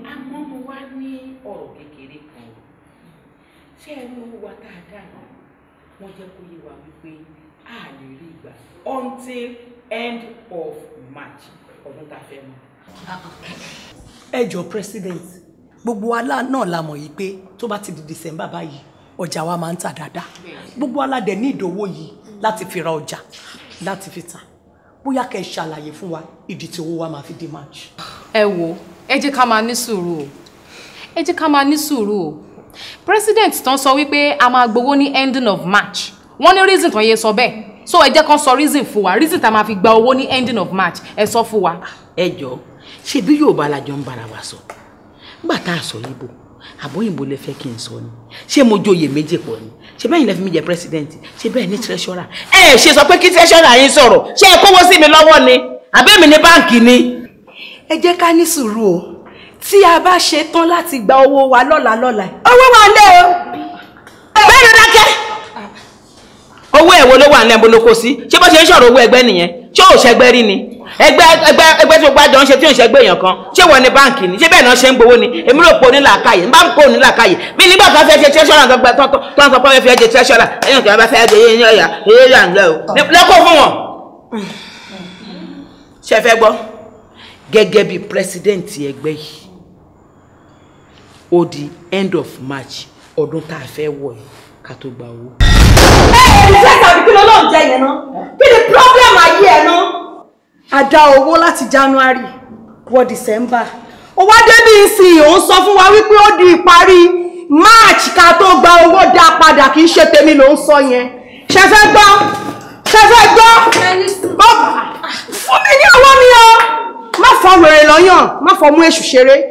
ọ̀rọ̀ kékeré kan o ṣé ẹ rí wa dáadáa náà wọ́n jẹ́ kó yé wa wípé a lè rí ìgbà until end of March ọdún tá a fẹ́ mọ́. ẹ president gbogbo wa náà la mọ̀ yìí pé tó bá ti di December báyìí ọjà wa máa ń tà dáadáa gbogbo aládẹ ní ìdòwò yìí láti fi ra ọjà láti fi tà bóyá kẹ́ ẹ ṣàlàyé fún wa ìdí tí owó wa máa fi dé March. ẹ wo ẹ jẹ́ ká máa ní sùúrù o ẹ jẹ́ ká máa ní sùúrù o president tán sọ wípé a máa gbowó ní ending of march wọ́n ní reason tán yẹ sọ bẹ́ẹ̀ so ẹ jẹ́ sọ reason fún wa reason tá a máa fi gba owó ní ending of march ẹ sọ fún wa. ẹ jọ ṣebí Yorùbá làjọ ń bára wa sọ nígbà tá a sọ Ìgbò àbóyìnbó lè fẹ́ kí n sọ ni ṣé mo joyè méjì pọ̀ ni ṣe bẹ́ẹ̀ lẹ́fi mi jẹ pírẹsidẹ́ǹtì ṣe bẹ́ẹ̀ ní tírẹ́ṣọ́rà ẹ ṣe sọ pé kí tírẹ́ṣọ́rà yín sọ̀rọ̀ ṣé ẹ kówó sí mi lọ́wọ́ ni àbẹ́mi ní báǹkì ni. ẹ jẹ́ ká ní sùúrù o tí a bá ṣe tán láti gba owó wa lọ́la lọ́la owó wa lé o bẹ́ẹ̀ ló dákẹ́. owó ẹ̀wọ̀ ló wà ní ẹ̀bùn lóko sí ṣé bó ṣe ń sọ̀rọ̀ owó ẹgbẹ́ nìyẹn ṣé ò ṣẹgbẹ́ rí ni ẹgbẹ́ ẹgbẹ́ ẹgbẹ́ tí gbogbo àjọ ń ṣe tí ò ń ṣẹgbẹ́ èèyàn kan ṣé wọ́n ní báǹkì ni ṣé bẹ́ẹ̀ náà ṣe ń gbowó ni èmi rò pé onílàákàyè bá ń pò onílàákàyè bí nígbà kan fẹ́ ṣe tẹ́ṣọ́rà tó ń sọ pé wọ́n fẹ́ ṣe tẹ́ṣọ́rà ẹ̀yìn kan bá fẹ́ ṣe yéyìn ọ̀yà yéyìn àǹlẹ̀ o lẹ́kọ̀ọ́ fún wọn. ṣe fẹ́ gbọ́ gẹ́gẹ́ bí pírẹsidẹ́ǹtì ẹgbẹ́ yìí ó di end of march ọdún tá a fẹ́ wọ̀ yìí ká tó gba owó. ẹ ẹ ní sẹ́ka àbí kí ló lóun jẹ yẹn náà kí ni problem ayé ẹ náà. a dá owó láti january wọ december ó wá débi ìsìn òun sọ fún wa wípé ó di ìparí march ká tó gba owó dá padà kì í ṣe tèmi ló ń sọ yẹn ṣe fẹ́ gbọ́ ṣe fẹ́ gbọ́ fún mi ní ọwọ́ mi o má fọ wèrè lọ́yàn má fọ mú èṣù ṣeré.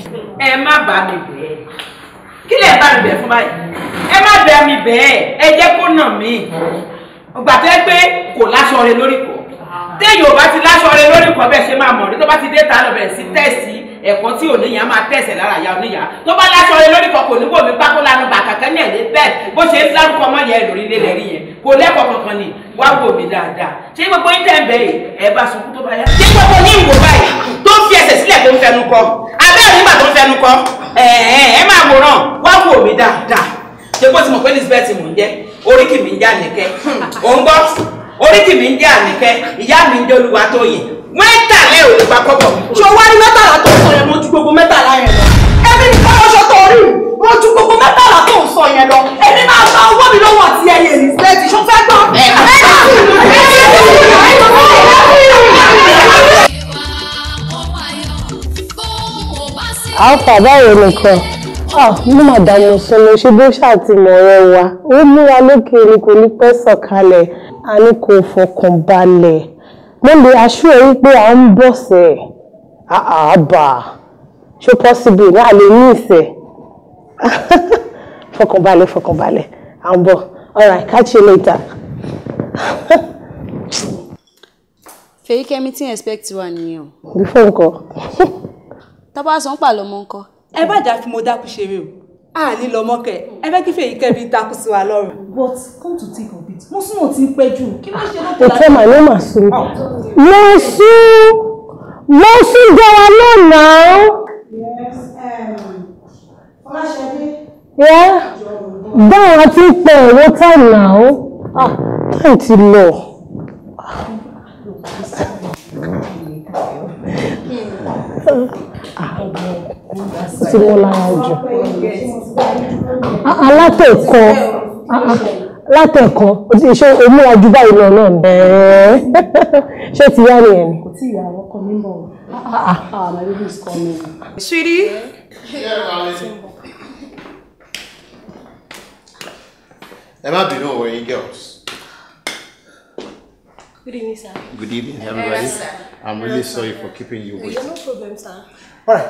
ẹ má bá mi bẹ́ẹ̀ kí lè bá mi bẹ́ẹ̀ fún báyìí ẹ má bẹ́ mi bẹ́ẹ̀ ẹ jẹ́ kó nà mí ìgbà tẹ́ pé kò láṣọ rẹ lórí kọ téèyàn ò bá ti láṣọ rẹ lórí kọ bẹ́ẹ̀ ṣe máa mọ̀ ní tó bá ti dé ta lọ bẹ̀rẹ̀ sí tẹ̀sí ẹ̀kọ́ tí oníyàn máa tẹ̀sẹ̀ lára ya oníyàn tó bá láṣọ rẹ lórí kọ kò ní wò mí pákó lanu bàkà kan náà lé bẹ́ẹ̀ bó ṣe ń lárúkọ ọmọ yẹn lórí ilé lẹ́rí yẹn kò lẹ́kọ̀ọ́ kankan ni wá wò mí dáadáa ṣé gbogbo yín tẹ̀ ń bẹ́ẹ̀ ẹ bá sunkún tó bá yá ṣé gbogbo yín wò báyìí ń fi ẹsẹ̀ sílẹ̀ tó ń fẹnu kọ abẹ́ òní bàtó ń fẹnu kọ ẹ máa wòran wá wò mí dáadáa ṣé kó ti mọ̀ pé Elizabeth mò ń jẹ́ oríkì mi ń jẹ́ Àníkẹ́ hmm, òun gbọ́ oríkì mi ń jẹ́ Àníkẹ́ ìyá mi ń jẹ́ Olúwatóyìn mẹ́tàlẹ́ ò lè pa kọ́bọ̀. ṣé o wá rí mẹ́tàlá tó sọ yẹn mojú gbogbo mẹ́tàlá yẹn lọ. ẹbí ni kọ́lọ́ṣọ́ tó rí mojú gbogbo mẹ́tàlá tó sọ yẹn lọ. èmi máa gba owó mi lọ́wọ́ àti ẹyẹ ìrìnsẹ́ẹ̀tì alpha báwo nìkan mo mà dààmú sọnù ṣe bó ṣàtìmọ̀ ọ̀rọ̀ wa ó mú wa lókè ni kò ní pẹ́ sọ̀kalẹ̀ a ní kò fọkàn balẹ̀ mo lè aṣọ ẹ wípé à ń bọ̀sẹ̀ àbà ṣó possible náà lè ní ìsẹ̀ fọkànbalẹ̀ fọkànbalẹ̀ à ń bọ̀ alright catch you later. fèyíkẹ́mi tí expect wa nìyẹn o. before nǹkan. tó sọ ń pàlọ́ mọ́ nǹkan. ẹ bá jà fi mo dákú ṣeré o a ní lọ mọ́kẹ́ ẹ fẹ́ kí fèyí kẹ́bi takú sí wa lọ́rùn. but come to think of it mo sún wọn ti ń pẹ́ jù kí ló ṣe lọ́tọ̀ láti. ọ̀tọ́ màá ló mà sún mo sún mo sún jọra lónàá. Um, Fọláṣẹ́dé. báwa ti pẹ ẹ̀rọ táìmù náà ó táìmù ti lọ. Thank ah. you tí mo lára jù alátẹ̀kọ́ látẹ̀kọ́ ṣe omú ọjú báyìí lọ náà bẹ́ẹ̀ ṣé ti yá nìyẹn ni. kò tí ìyàwó kọ mí mọ̀ ọ́ ah, ah, my baby is coming. sweetie. ẹ má bínú òwe yín girls. Good evening, sir. Good evening, everybody. Yes, sir. I'm really sorry for keeping you waiting. No problem, sir. 过来，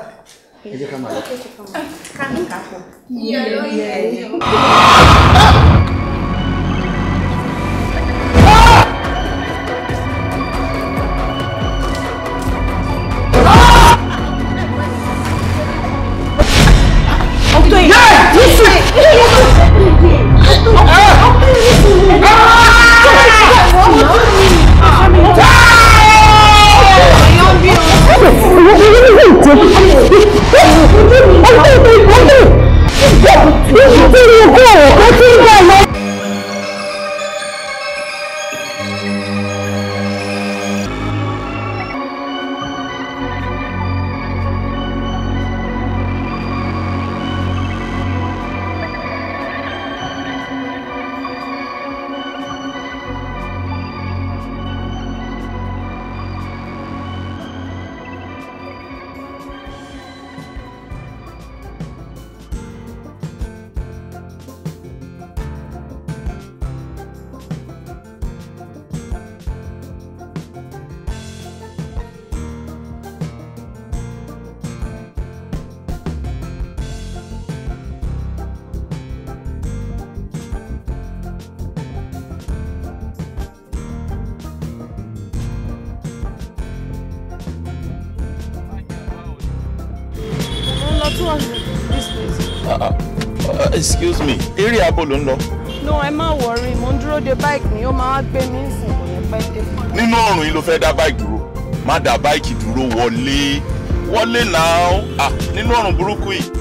去干嘛？进看 excuse me eré abo ló ń lọ. no ẹ má wọrí mo ń dúró de báìkì ni ó máa gbé mi sìn kò ní pẹ́ dé. nínú ọ̀rùn yìí ló fẹ́ dá báìkì dúró má dá báìkì dúró wọlé wọlé náà ah, nínú ọ̀rùn burúkú yìí.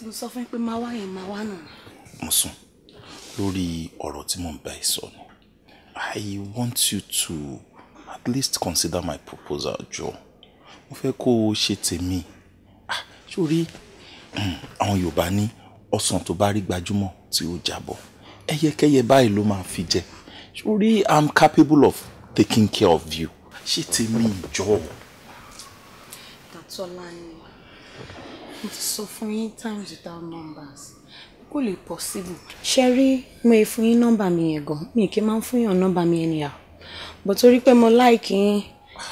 tí mo sọ fún yín pé máa wá máa wá nù. mo sùn lórí ọ̀rọ̀ tí mò ń bá ẹ sọ ni I want you to at least consider my proposal jọ mo fẹ́ kó o ṣe tèmi sórí hmm, àwọn Yorùbá ní ọsàn tó bá rí gbajúmọ̀ tí ó jábọ̀ ẹyẹkẹyẹ báyìí ló máa fi jẹ sórí I'm capable of taking care of you ṣe tèmi jọ. Dàtọ́lá ni mo ti sọ fún yín times without numbers kò lè possible. ṣe rí mo è fún yín nọ́mbà mi yẹn gan mi kì í máa ń fún yàn nọ́mbà mi ẹni à bó torí pé mo like yín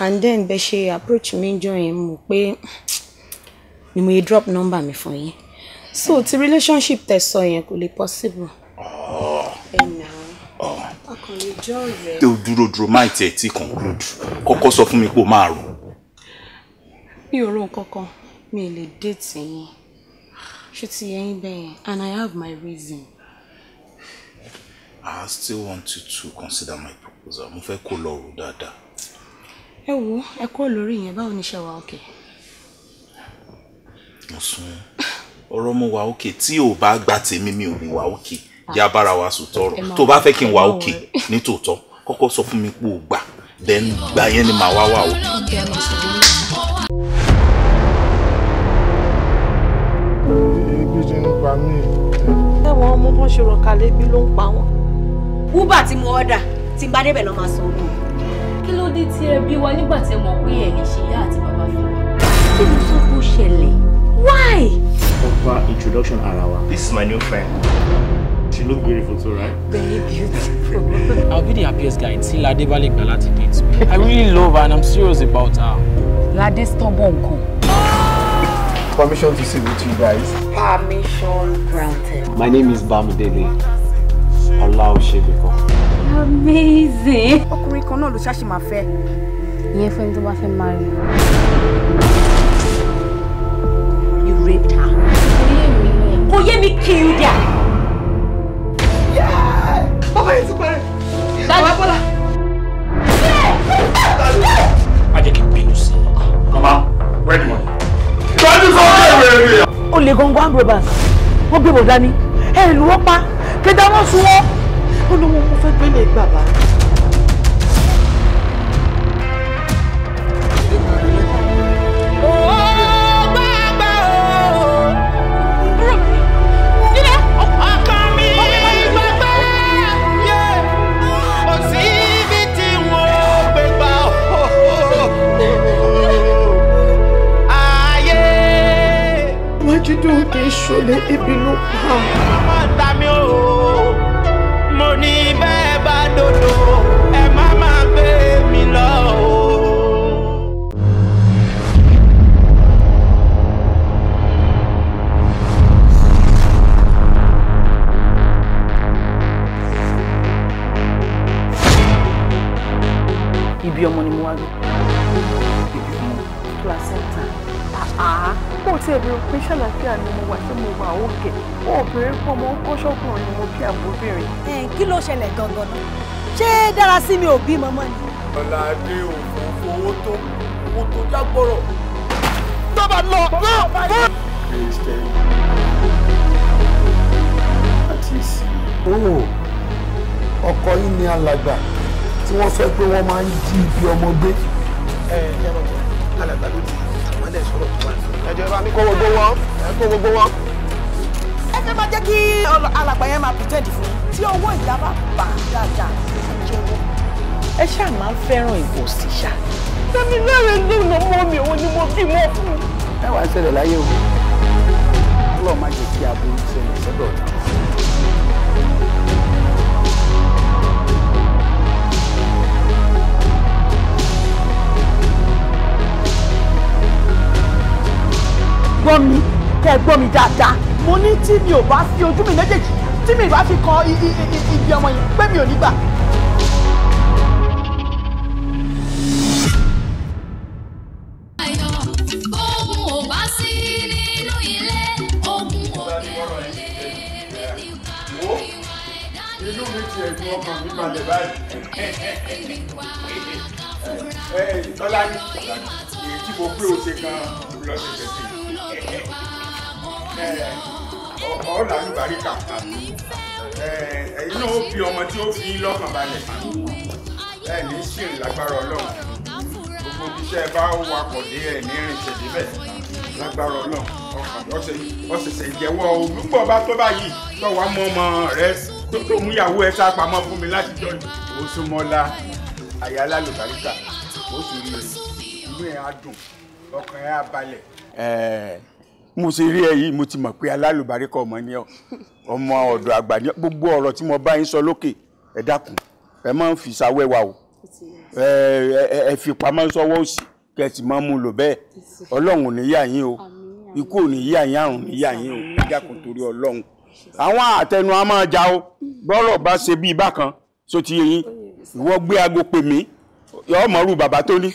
and then bẹ ṣe approach mi jọ yẹn mo pé ni mo yẹ drop nọ́mbà mi fún yín so ti relationship tẹ́ sọ yẹn kò lè possible. Oh. ẹnà oh. akànlè jọ rẹ. tó dúró dúró má ì tiẹ̀ tí conclude kọ́kọ́ sọ fún mi pé o máa rò. mi ò ro nǹkan kan mi lè déètì yín ṣé ti yẹn and I have my reason. I still want you to consider my proposal mo fẹ́ kó lọ rò dáadáa. ẹ wo ẹ kó lórí yẹn báwo ni ṣe wà òkè. mo sún ọ̀rọ̀ mo wà òkè tí ò bá gba tèmi mi o ni wà òkè jẹ́ abára wa sùn tọrọ tó bá fẹ́ kí n wà òkè ní tòótọ́ kọ́kọ́ sọ mi pé ò then gbà yẹn ni wa wá wà òkè. pa mí. ẹ̀wọ̀n ọmọ bọ́n ṣe rọ̀ka lébi ló ń pa wọ́n. uber tí mo ọ̀dà tí n bá débẹ̀ lọ́ máa sọ ọ́ kí ló dé tí ẹ bí wa nígbà tí ẹ mọ̀ pé ẹ̀ ṣe ìyá àti bàbá fún wa. kí ló sọ pé ó ṣẹlẹ̀ why. over introduction ara wa. this is my new friend. She look beautiful too, right? Very beautiful. I'll be the happiest guy until Lade Balegbala dates me. I really love her and I'm serious about her. Lade stubborn gan permission to sit with you guys. Permission granted. My name is Bamidele Olaosebiko. Amazing. Ọkùnrin kan náà ló ṣáṣì máa fẹ́. Ìyẹn fún ẹni tó bá fẹ́ máa rí. You raped her. Kò yé mi kí n dà. Bàbá ó lè gangan armed robbers wọ́n gbé bọ̀ dání ẹ̀ lù wọ́n pa kẹta wọ́n sun wọ́n ó lọ́wọ́ mo fẹ́ gbélé bàbá. ṣòlè ìbínú pa. ọmọ ta mi ò mo ní bẹ́ẹ̀ bá dodo. mo ti ẹ̀bí rò pé ṣàlàfíà ni mo wà tí mo wà òkè ó obìnrin pọ̀ mọ́ kọ́ṣọ́kùnrin ni mo kí àbóbìnrin. kí ló ṣẹlẹ̀ gangan náà ṣé Dárasími ò bí mọ́mọ́ ni. ọ̀làdé òfófó owó tó owó tó jágbọ́rọ̀. dábàá lọ lọ lọ. ọkọ yìí ni alàgbà tí wọ́n sọ pé wọ́n máa ń jí ibi ọmọ gbé. ẹ ẹ yàrá alàgbà ló ti àwọn ẹlẹ́sọ̀rọ̀ tó wà ní ẹjọ bá mi kó gbogbo wọn ẹ kó gbogbo wọn. ẹ fẹ́ máa jẹ́ kí alàgbà yẹn máa pretend fún yín tí owó ìyá bá bà á dáadáa jọ̀wọ́. ẹ ṣáà máa ń fẹ́ràn ìbò sí ṣá. tẹ́mi lára ẹni náà mọ́ mi òun ni mo bímọ fún. ẹ wàá ṣẹlẹ̀ láyé o ọlọ́run má jẹ́ kí aburú ṣẹlẹ̀ sọ́dọ̀ ọ̀tá gbọ́ mi kẹ́ ẹ gbọ́ mi dáadáa mo ní tí mi ò bá fi ojú mi méjèèjì tí mi ò bá fi kan ibi ọmọ yẹn pé mi ò ní gbà. inú mi ti ẹ̀dùn ọkàn mi balẹ̀ báyìí. ẹ ẹ ìtọ́lá ní èyí tí mo pé o ṣe kan lọ́sẹ̀ tẹ̀sí. Eh, ọ̀ là ní baríkà eh, ẹ̀yin náà ó bí ọmọ tí ó fi lọ́kàn balẹ̀ ẹ̀ eh, ní sìn lágbára ọlọ́run gbogbo iṣẹ́ bá wakọ̀ dé ẹ̀ ní rìn ṣèdíbẹ̀ lágbára ọlọ́run ọ̀sẹ̀sẹ̀ ìjẹ́wọ́ olùgbọ̀ bá tó báyìí tó wàá mọ ọmọ rẹ tó tó mú ìyàwó ẹ sá pamọ́ fún mi láti jọ òsùnmọ́lá àyálà lùbáríkà ó sì rí inú ẹ̀ á dùn ọkàn ẹ̀ á balẹ̀ mo ṣe rí ẹ yìí mo ti mọ̀ pé alálùbáríkọ ọmọ ni ọ ọmọ ọ̀dọ̀ àgbà ni gbogbo ọ̀rọ̀ tí mo bá yín sọ lókè ẹ dákun ẹ máa ń fi sáwẹ́ wa o ẹ fi pamọ́ sọ́wọ́ òsì kẹ sì máa mú lò bẹ́ẹ̀ ọlọ́run ò ní yà yín o ikú ò ní yà yín àrùn ò ní yà yín o ẹ dákun torí ọlọ́run àwọn àtẹnu a máa ja o bọ́rọ̀ bá ṣe bí bákan tó ti yín ìwọ gbé aago pè mí yọ ọmọ rú bàbá tó ní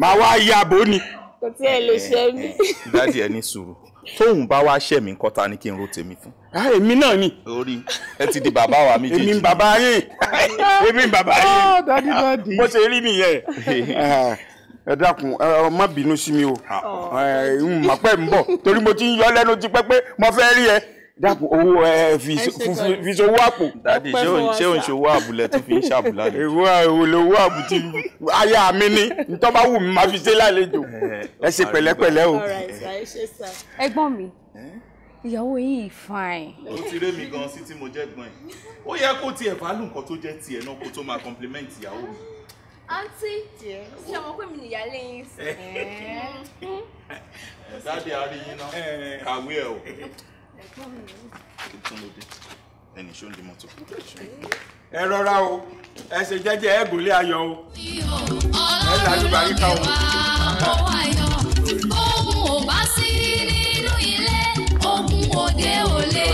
màá wá yá abò ni. kò tí ẹ lè ṣe mí. dáàdi ẹ ní sùúrù tóun bá wá ṣẹ̀ mí nǹkan ta ni kí n ro tèmi fún. Ah, èmi náà ni. orí ẹ ti di bàbá wa méjèèjì. èmi bàbá yín èmi bàbá yín ah, bó ṣe rí nìyẹn. Ah, ẹ dákun ẹ má bínú sí mi o eh, n mọ̀ pé ń bọ̀ torí mo ti ń yọ lẹ́nu ti pé mo fẹ́ rí ẹ dàpọ̀ owó ẹ fi sowó àpò. dadi ṣé òun ṣé òun ṣòwò àbúlẹ̀ tó fi ń ṣàbùlà ni. èwo olówó àbù tí aya mi ní ntọ́ bá wù mí máa fi ṣe lálejò ẹ ṣe pẹ̀lẹ́pẹ̀lẹ́ o. ẹ̀gbọ́n mi ìyàwó yìí fine. o ti rẹ́ mi gan sí tí mo jẹ́ gbọ́n ẹ̀ ó yẹ kó tiẹ̀ fàálù nǹkan tó jẹ́ tiẹ̀ náà kó tó máa compliment ìyàwó mi. àǹtí ṣé ọmọ pé mi nìyálé yín sí. dáàdi àárín yín náà eh. kàwé ẹ o ẹnì ṣó ń di mọ́tò. ẹ rọra o ẹ ṣe jẹ́jẹ́ ẹ gòlé o. ohun ò bá sí nínú ilé ogun òde òle.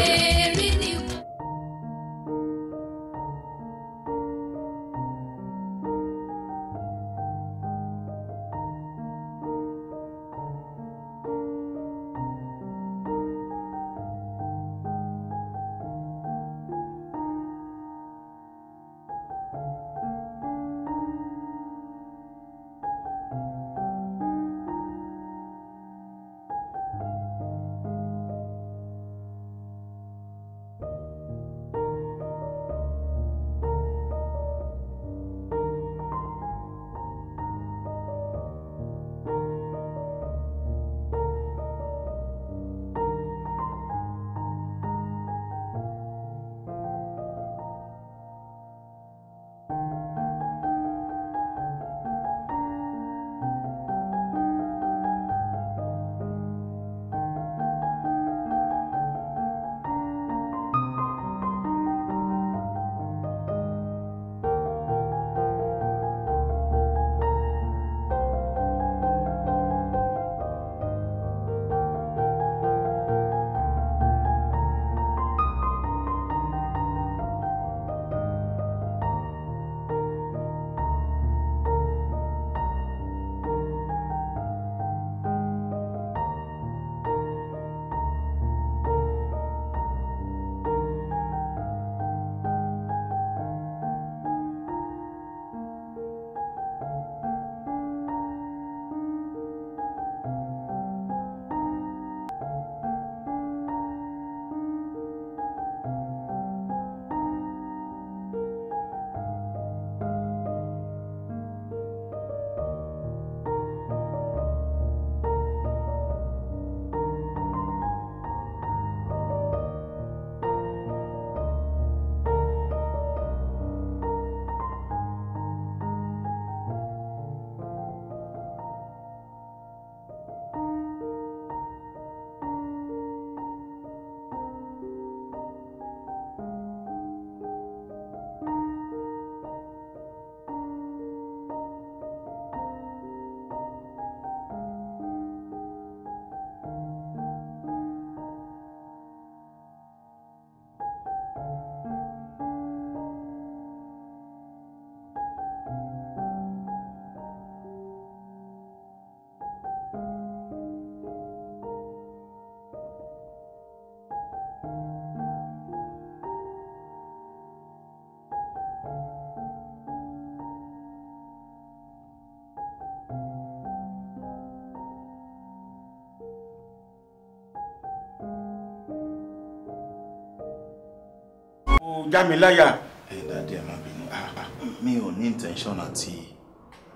já mi láyà. ẹ dáadé ẹ má bínú ah, ah, mi ò ní intention àti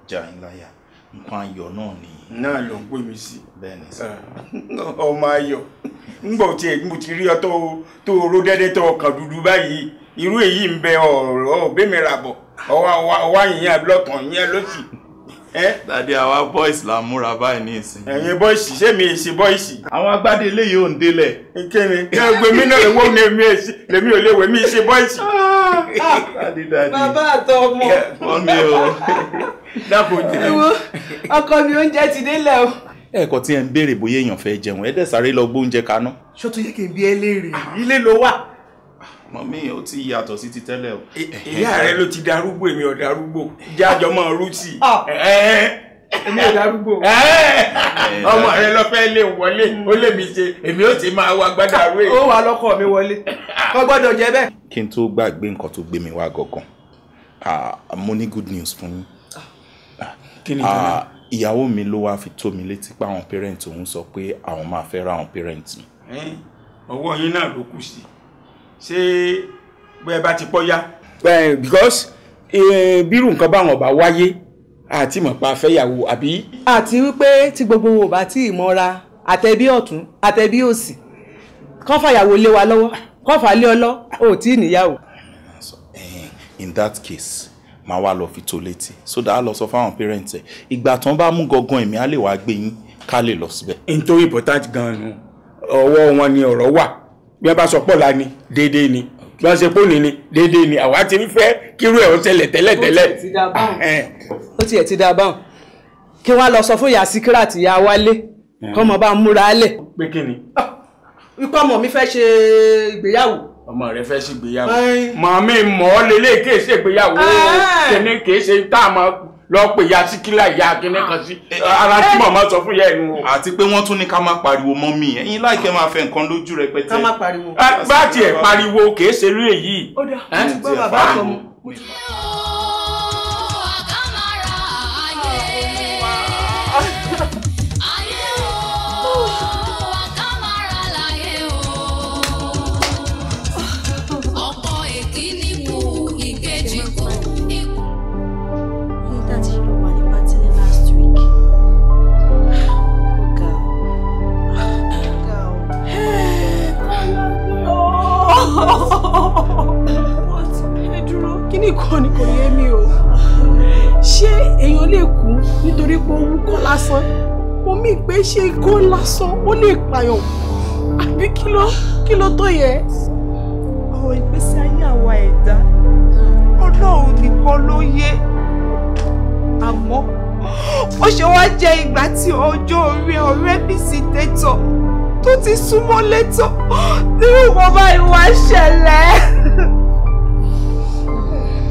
já yín láyà nǹkan ayọ̀ náà ni. náà ló ń pè mí sí. bẹ́ẹ̀ni sá. Ah, ọmọ ayọ̀ ńgbọ tí mo ti rí ọ tó tó oró dẹ́dẹ́ tó ọkàn dúdú báyìí irú èyí ń bẹ ọ̀rọ̀ bẹ́mi bọ̀ ọwọ́ àyìnyín àbílọ̀tàn yín lọ́sì dàdí àwa boys la múra báyìí ní ìsìn. ẹ̀yin boys ṣé mi ì ṣe boys. àwọn agbádé eléyìí ò ń délẹ̀. ìkéde gbogbo mi náà lè wọ́n mi èmi èsì lèmi ò lè wẹ̀ mi ì ṣe boys. Ah, dàdí dàdí bàbá àtọ ọmọ. wọ́n mi ò dákò jẹ́. ewo ọkọ mi oúnjẹ ti délẹ̀ o. ẹ̀kọ́ tí ẹ ń béèrè bóyá èèyàn fẹ́ jẹun ẹ̀ dẹ̀ sáré lọ gbóúnjẹ kaná. ṣó tó yẹ kí n bí ẹ léèrè ah, ilé ló wà mọ̀mí ó ti yàtọ̀ sí ti tẹ́lẹ̀ o. ìyá rẹ ló ti darúgbó èmi ò darúgbó jẹ́ àjọ mọ́ rúùtì. èmi ò darúgbó. ọmọ rẹ lọ fẹ́ lè wọlé ó lè mi ṣe èmi ó ti máa wá gbádàrú èyí. ó wà lọ́kọ̀ mi wọlé kò gbọ́dọ̀ jẹ́ bẹ́ẹ̀. kí n tó gbàgbé nǹkan tó gbé mi wá gangan ah, mo ní good news fún yín. Ah, kí ni ah, ìjọba. ìyàwó mi ló wá fi tó mi létí pé àwọn parents òun sọ pé àwọn máa fẹ́ ra àwọn parents mi. ọwọ́ yín náà ló kù sí i ṣé bẹ́ẹ̀ bá ti pọ́ yá. because bírù nǹkan báwọn ọba wáyé àti mọ̀ pa fẹ́yàwó àbí. àti wípé tí gbogbo wọn ò bá tí ì mọ́ra àtẹ̀bí ọ̀tún àtẹ̀bí òsì kọ́ fàyàwó lé wa lọ́wọ́ kọ́ fà lé ọlọ́ ò tí níyàwó. in that case màá wá lọ fi tó létí so that a lọ sọ fáwọn parents ẹ ìgbà tán bá mú gangan èmi á lè wá gbé yín ká lè lọ síbẹ̀. nítorí important gan-an ọwọ́ wọn ni ọ̀rọ̀ wà bí wọ́n bá sọ pọ̀ ni déédéé ni bí wọ́n ṣe pọ́nì ni déédéé ni àwa ti ń fẹ́ kírú ẹ̀ ó tẹ̀lẹ̀ tẹ́lẹ̀ tẹ́lẹ̀. ó tiẹ̀ ti da báwọn kí wọ́n lọ sọ fún ìyá síkírà àti ìyá wálé kọ́mọ bá múra lẹ̀. pé kí ni. Ah, ikú ọmọ mi fẹ́ ṣe ìgbéyàwó ọmọ rẹ fẹ́ ṣègbéyàwó màmí mọ́ lélẹ́ẹ̀kẹ́ ṣègbéyàwó tẹ̀lé kìí ṣe tá a máa lọ pè ya síkílà ìyá akíní ah. kan sí eh, eh, ara tí eh. màmá sọ fún ìyá ẹ̀ nù. àti pé wọ́n tún ní ká má pariwo mọ́ mi ẹ̀yin láìkẹ́ máa fẹ́ nǹkan lójú rẹpẹtẹ. ká má pariwo. bá tiẹ̀ pariwo kèé ṣe lóye yìí. ó dà ti gbọ́ bàbá àtọ̀ mu. nìkan ni kò yé mi o ṣé èèyàn lè kú nítorí pé ó wúkọ́ lásán mo mí pé ṣé ikọ́ lásán ó lè pààyàn àbí kí ló kí ló tó yẹ. ọ̀rọ̀ ìgbésí ayé àwa ẹ̀dá ọlọ́run nìkan ló yé àmọ́ ó ṣe wá jẹ́ ìgbà tí ọjọ́ orí ọ̀rẹ́ mi sì tẹ̀tọ̀ tó ti súnmọ́ létò nínú ìwọ̀nba ìwà ṣẹlẹ̀.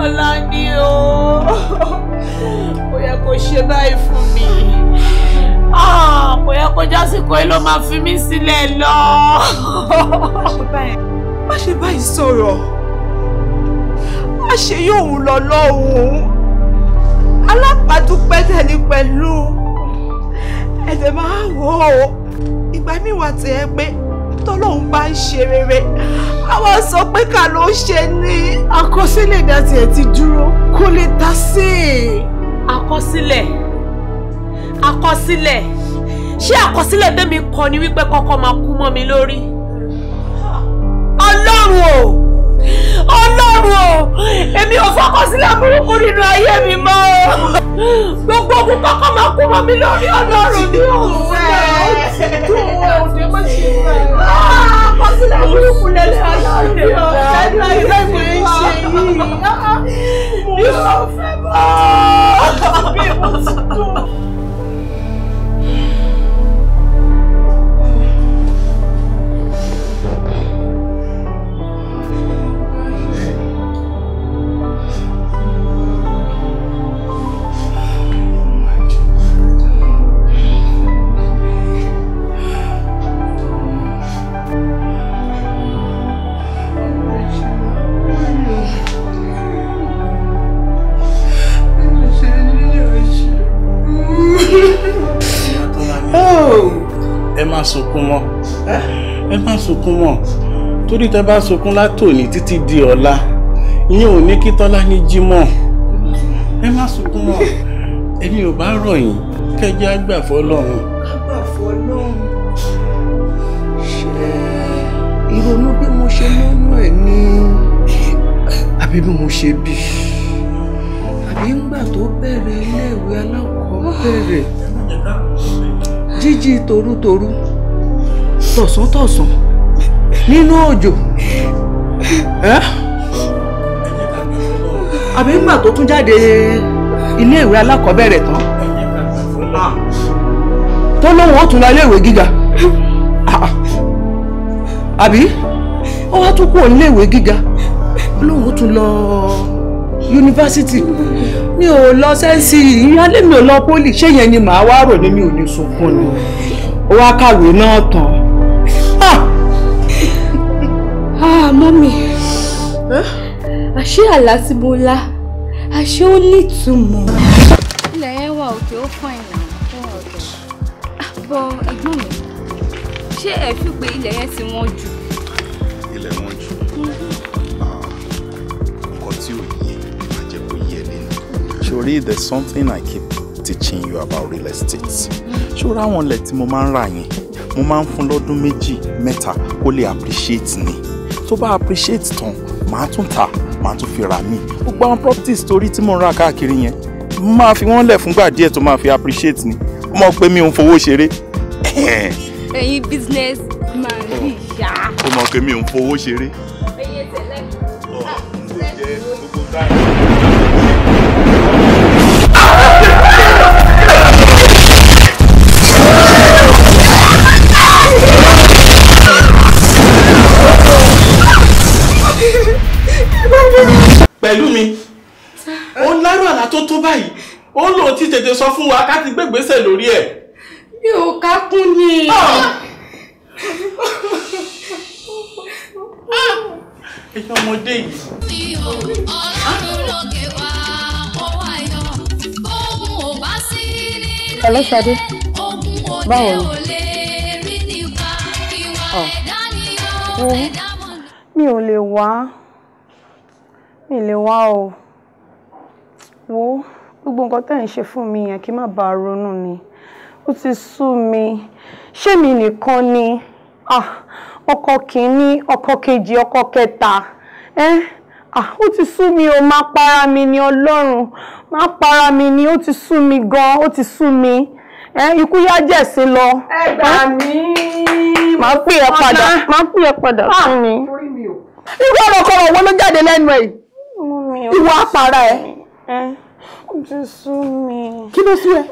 ọlá ni o kò yẹ kó ṣe báyìí fún mi kò ah, yẹ kó jásìkò yìí ló máa fi mí sílẹ̀ lọ. má ṣe báyìí sọ̀rọ̀ má ṣe yóò lọ lọ́hùn-ún alápàdúpẹ́tẹ̀ ní pẹ̀lú ẹ̀dẹ̀ máa wọ̀ ọ́ ìgbà mi wà tẹ̀ ẹ́ pé tọ́lọ́hún bá ń ṣe rere àwa sọ pé ká ló ṣe ní. àkọsílẹ̀ ìdásí ẹ̀ ti dúró kó lè ta sí i. àkọsílẹ̀ àkọsílẹ̀ ṣé àkọsílẹ̀ bẹ́mi kọ ni wípé kọ́kọ́ máa kú mọ́ mi lórí. ọlọ́run o ọlọ́run o èmi ò fọkọsílẹ̀ burúkú nínú ayé mi mọ́ o gbogbo ogun kọ́kọ́ máa kú mọ́ mi lórí ọlọ́run ni òun fẹ́ ìlà burúkú lẹ́nu aláàrẹ ẹnu ayé mi ń ṣe yìí mi ò fẹ́ mọ́ bí mo ti tó. sunkún mọ́ ẹ má sunkún mọ́ torí tẹ bá sunkún látòní títí di ọ̀la ìyẹn ò ní kí tọ́lá ní jímọ̀ ẹ má sunkún mọ́ èmi ò bá rọ̀ yín kẹjẹ àgbàfọ́ lọ́run. àgbàfọ́ lọ́run ṣe ìrònú bí mo ṣe lóyún ẹ̀ ní àbí bí mo ṣe bí àbí ńgbà tó bẹ̀rẹ̀ iléèwé alákọ̀ọ́ bẹ̀rẹ̀ jíjí torútorú. tọ̀sán tọ̀sán nínú òjò àbí ńgbà tó tún jáde ilé alákọ̀ọ́bẹ̀rẹ̀ tán tó lóun ó tún lọ gíga àbí ó wá tún kúrò nílé gíga lóun ó tún lọ yunifásitì mi ò lọ sẹ́ńsì mi ò lọ pólì ṣé yẹn ni màá wá rò ní mi ò mọ́mì àṣé àlá tí mo lá àṣé ó nítumọ̀. ilẹ̀ yẹn wà òkè ó fún ìlànà fún ọ̀dọ̀ bọ ẹ̀gbọ́n mi ṣé ẹ fi pé ilẹ̀ yẹn ti wọ́n jù. ilẹ̀ wọ́n jù mm-hmm. ah, nǹkan tí ò yé máa jẹ́ kó yé nínú. sori there's something I keep teaching you about real estate ṣọ́ra àwọn let tí mo máa ń rà yẹn mo máa ń fún lọ́dún méjì mẹ́ta kó appreciate ni tó bá appreciate tán màá tún tà màá tún fi rà mí gbogbo àwọn properties torí tí mò ń ra káàkiri yẹn máa fi wọ́n lẹ̀ fúngbà díẹ̀ tó máa fi appreciate ni ó mọ̀ pé mi ò ń fowó ṣeré. ẹ̀yin business man yìí ṣá. ó mọ̀ pé mi ò ń fowó ṣeré. ẹyẹ tẹ̀lé. ọ̀ ǹjẹ́ gbogbo táyà. tètè sọ fún wa ká ti gbégbèsè lórí ẹ̀. mi ò ká kún ni. Ah! Ah! ẹ̀yin ọmọdé yìí. hello Ṣadé báwo ni. Ah. mi ò lè wá mi lè wá o wo. gbogbo nǹkan tẹ́ ń ṣe fún mi yẹn kí n má bàa ronú ni ó ti sú mi ṣé mi nìkan ni ah, ọkọ kìíní ọkọ kejì ọkọ kẹta ah, ó ti sú mi o má para mi ni ọlọ́run má para mi ni ó ti sú mi gan ó ti sú mi ikú yá jẹ̀sí lọ. ẹ mi. mí. màá pè ẹ padà màá pè ẹ padà ah, fún mi. irú ọ̀rọ̀ kọ̀ọ̀rọ̀ wo ló jáde lẹ́nu ẹ̀ ìwọ apara ẹ̀. ojú sú mi. kí ló sú ẹ.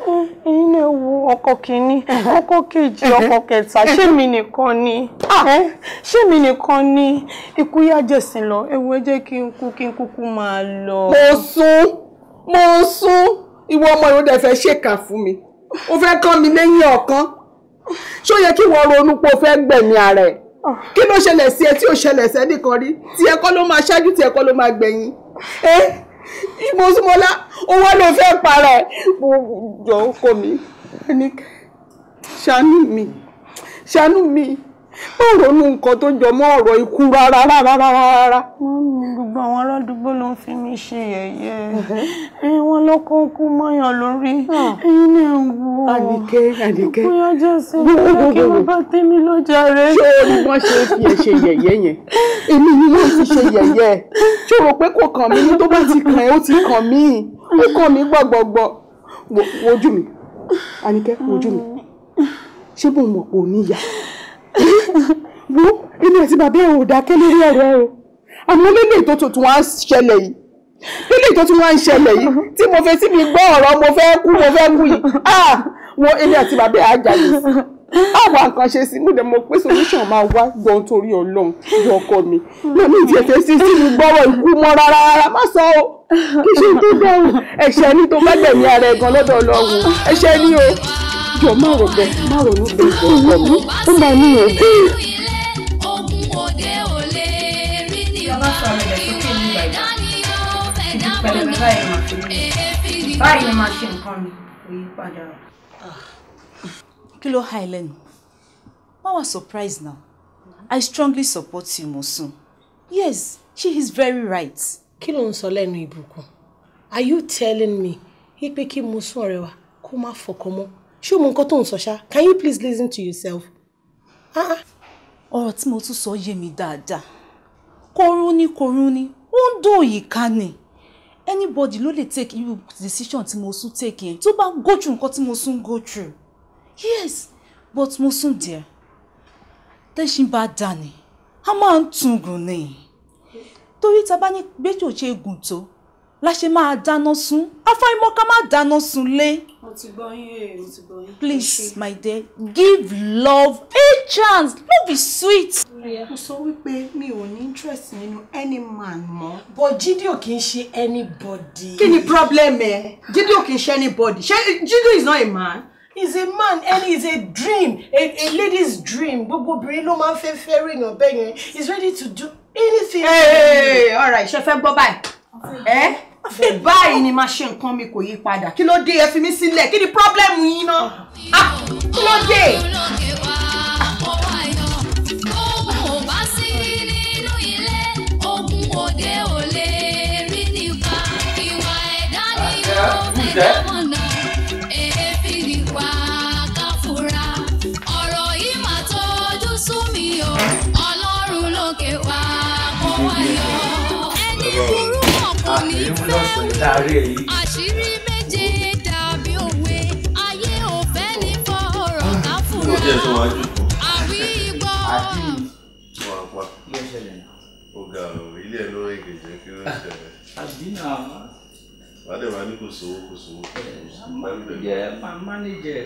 ẹ̀yin lè wo ọkọ kìíní ọkọ kejì ọkọ kẹta ṣé mi nìkan ni ṣé mi nìkan ni ikú yá jẹ̀sìn lọ ewu ẹ jẹ́ kí n kú kí n kúkú máa lọ. mo sún mo sún ìwọ ọmọ ìròdẹ fẹ́ ṣèkà fún mi ó fẹ́ kán mi lẹ́yìn ọ̀kan ṣó yẹ kí wọ́n ronú pé o fẹ́ gbẹ̀mí ara ẹ̀ ah. kí ló ṣẹlẹ̀ sí ẹ tí ò ṣẹlẹ̀ sẹ́nìkan rí tí ló máa ṣáájú tí ló máa gbẹ̀yìn ìmọ̀sùmọ́lá owó ló fẹ́ para ẹ̀ mo jọ ọkọ mi ẹnikẹ́ ṣàánú mi ṣàánú mi má ronú nǹkan tó jọ mọ́ ọ̀rọ̀ ikú rárá rárá rárá. gbogbo àwọn aládùúgbò ló ń fi mí ṣe yẹ̀yẹ́ ẹ̀yin wọn ló kó kú mọ́yàn lórí ah. ẹ̀yin náà ń wo àníkẹ́ àníkẹ́ bóyá jẹ́ sí i kí wọ́n bá tẹ́mi lọ́jà rẹ̀. ṣé orí wọn ṣe fi ẹ ṣe yẹ̀yẹ́ yẹn èmi ni wọ́n ti ṣe yẹ̀yẹ́ ṣé o rò pé kò kàn mí ní tó bá ti kàn ẹ́ ó ti kàn mí ó kàn mí gbọ̀gbọ̀gbọ̀ wojú mi àníkẹ́ wojú mi ṣé bò ń mọ̀ pé níyà wo inú àti bàbá ẹ̀ ò dákẹ́ lórí ọ̀rọ̀ o àmọ́ lílé ètò tuntun wá ń ṣẹlẹ̀ yìí lílé ètò tuntun wá ń ṣẹlẹ̀ yìí tí mo fẹ́ síbi gbọ́ ọ̀rọ̀ mo fẹ́ kú mo fẹ́ kú yìí ah wo inú àti bàbá ẹ̀ á jà yìí àwọn àkànṣe sí mo dẹ̀ mọ̀ pé solution máa wá gan torí ọlọ́run ju ọkọ mi lómi ìdí ẹ̀fẹ́ sí sí mi gbọ́rọ̀ ikú mọ́ rárá rárá má sọ o kí ṣe tó dáhùn ẹ̀ṣẹ̀ ni tó bá gbẹ̀mí ara ẹ̀ gan lọ́dọ̀ ọlọ́run ẹ̀ṣẹ̀ ni o jọ má rò bẹ má ní bẹ jọ mi ó máa ní yẹn dé. báyìí ni màá ṣe surprised now I strongly support you Mosun yes she is very right. Kilo ló sọ lẹ́nu ìbùkún are you telling me wípé kí Mosun ọ̀rẹ́ wa kó má fọkàn mọ́ ṣé o mọ nǹkan tó ń sọ ṣá can you please listen to yourself. Ah, ah. ọ̀rọ̀ tí mo tún sọ yé mi dáadáa korun ni korun ni ó ń dùn òyìnká ni anybody ló lè take irú decision tí mo sún take yẹn tó bá go through nǹkan tí mo sún go through yes but mo sún díẹ̀ tẹ́sí bá dà ní a máa ń tún gùn ni torí ta bá ní gbẹ́jọ́ ṣe gùn tó la ṣe máa dáná sun àfàìmọ̀ ká má dáná sun lé. mo ti gbọ́ yín ee eh, mo ti gbọ́ yín. please my dear give love a chance love is sweet. mo sọ wípé mi ò ní interest nínú any man mọ́. but Jídé ò kì í ṣe anybody. kí ni problem ẹ Jídé ò kì í ṣe anybody ṣé Jídé is not a man He's a man and he's a dream a, a lady's dream gbogbo obìnrin ló máa ń fẹ́ fẹ́ rèèyàn bẹ́ẹ̀ yẹn is ready to do anything. Hey, hey, hey, all right ṣe fẹ́ gbọ́ báyìí. Eh? fi báyìí ni máa ṣe nǹkan mi kò yí padà kí ló dé ẹ fi mí sílẹ̀ kí ni pírọ́blẹ́mù yín náà ah, kí ló dé. Ah, yeah. sáré yìí. àṣírí méje dàbí òwe ayé ò fẹ́ ní fọ ọ̀rọ̀ ká fúnra àwí igbó. àti ìwàpá ilé ìṣẹ̀lẹ̀ náà. ọ̀gá ilé ẹ̀ lórí ìgbèjẹ kí ló ń àbí náà. wàá dẹ̀ wá ní kò sówó kò sówó. Eh, manager manager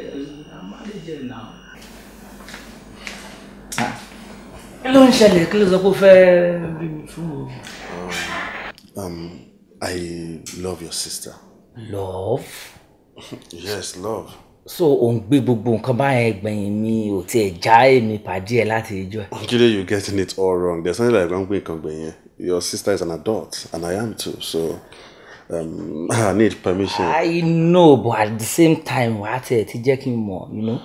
manager náà. Ah. kí ló ń ṣẹlẹ̀ kí ló sọ pé ó fẹ́ bí fún o. Um, um, I love your sister. Love? yes, love. So òun gbé gbogbo nǹkan báyẹn gbẹ̀yìn mi ò tiẹ̀ já èmi pàdé ẹ láti ijọ́. Jide you getting it all wrong. There's something like wọ́n gbé nǹkan gbẹ̀yìn. Your sister is an adult and I am too so um, I need permission. I know but at the same time wàá tẹ̀ ti jẹ́ kí n mọ̀ you know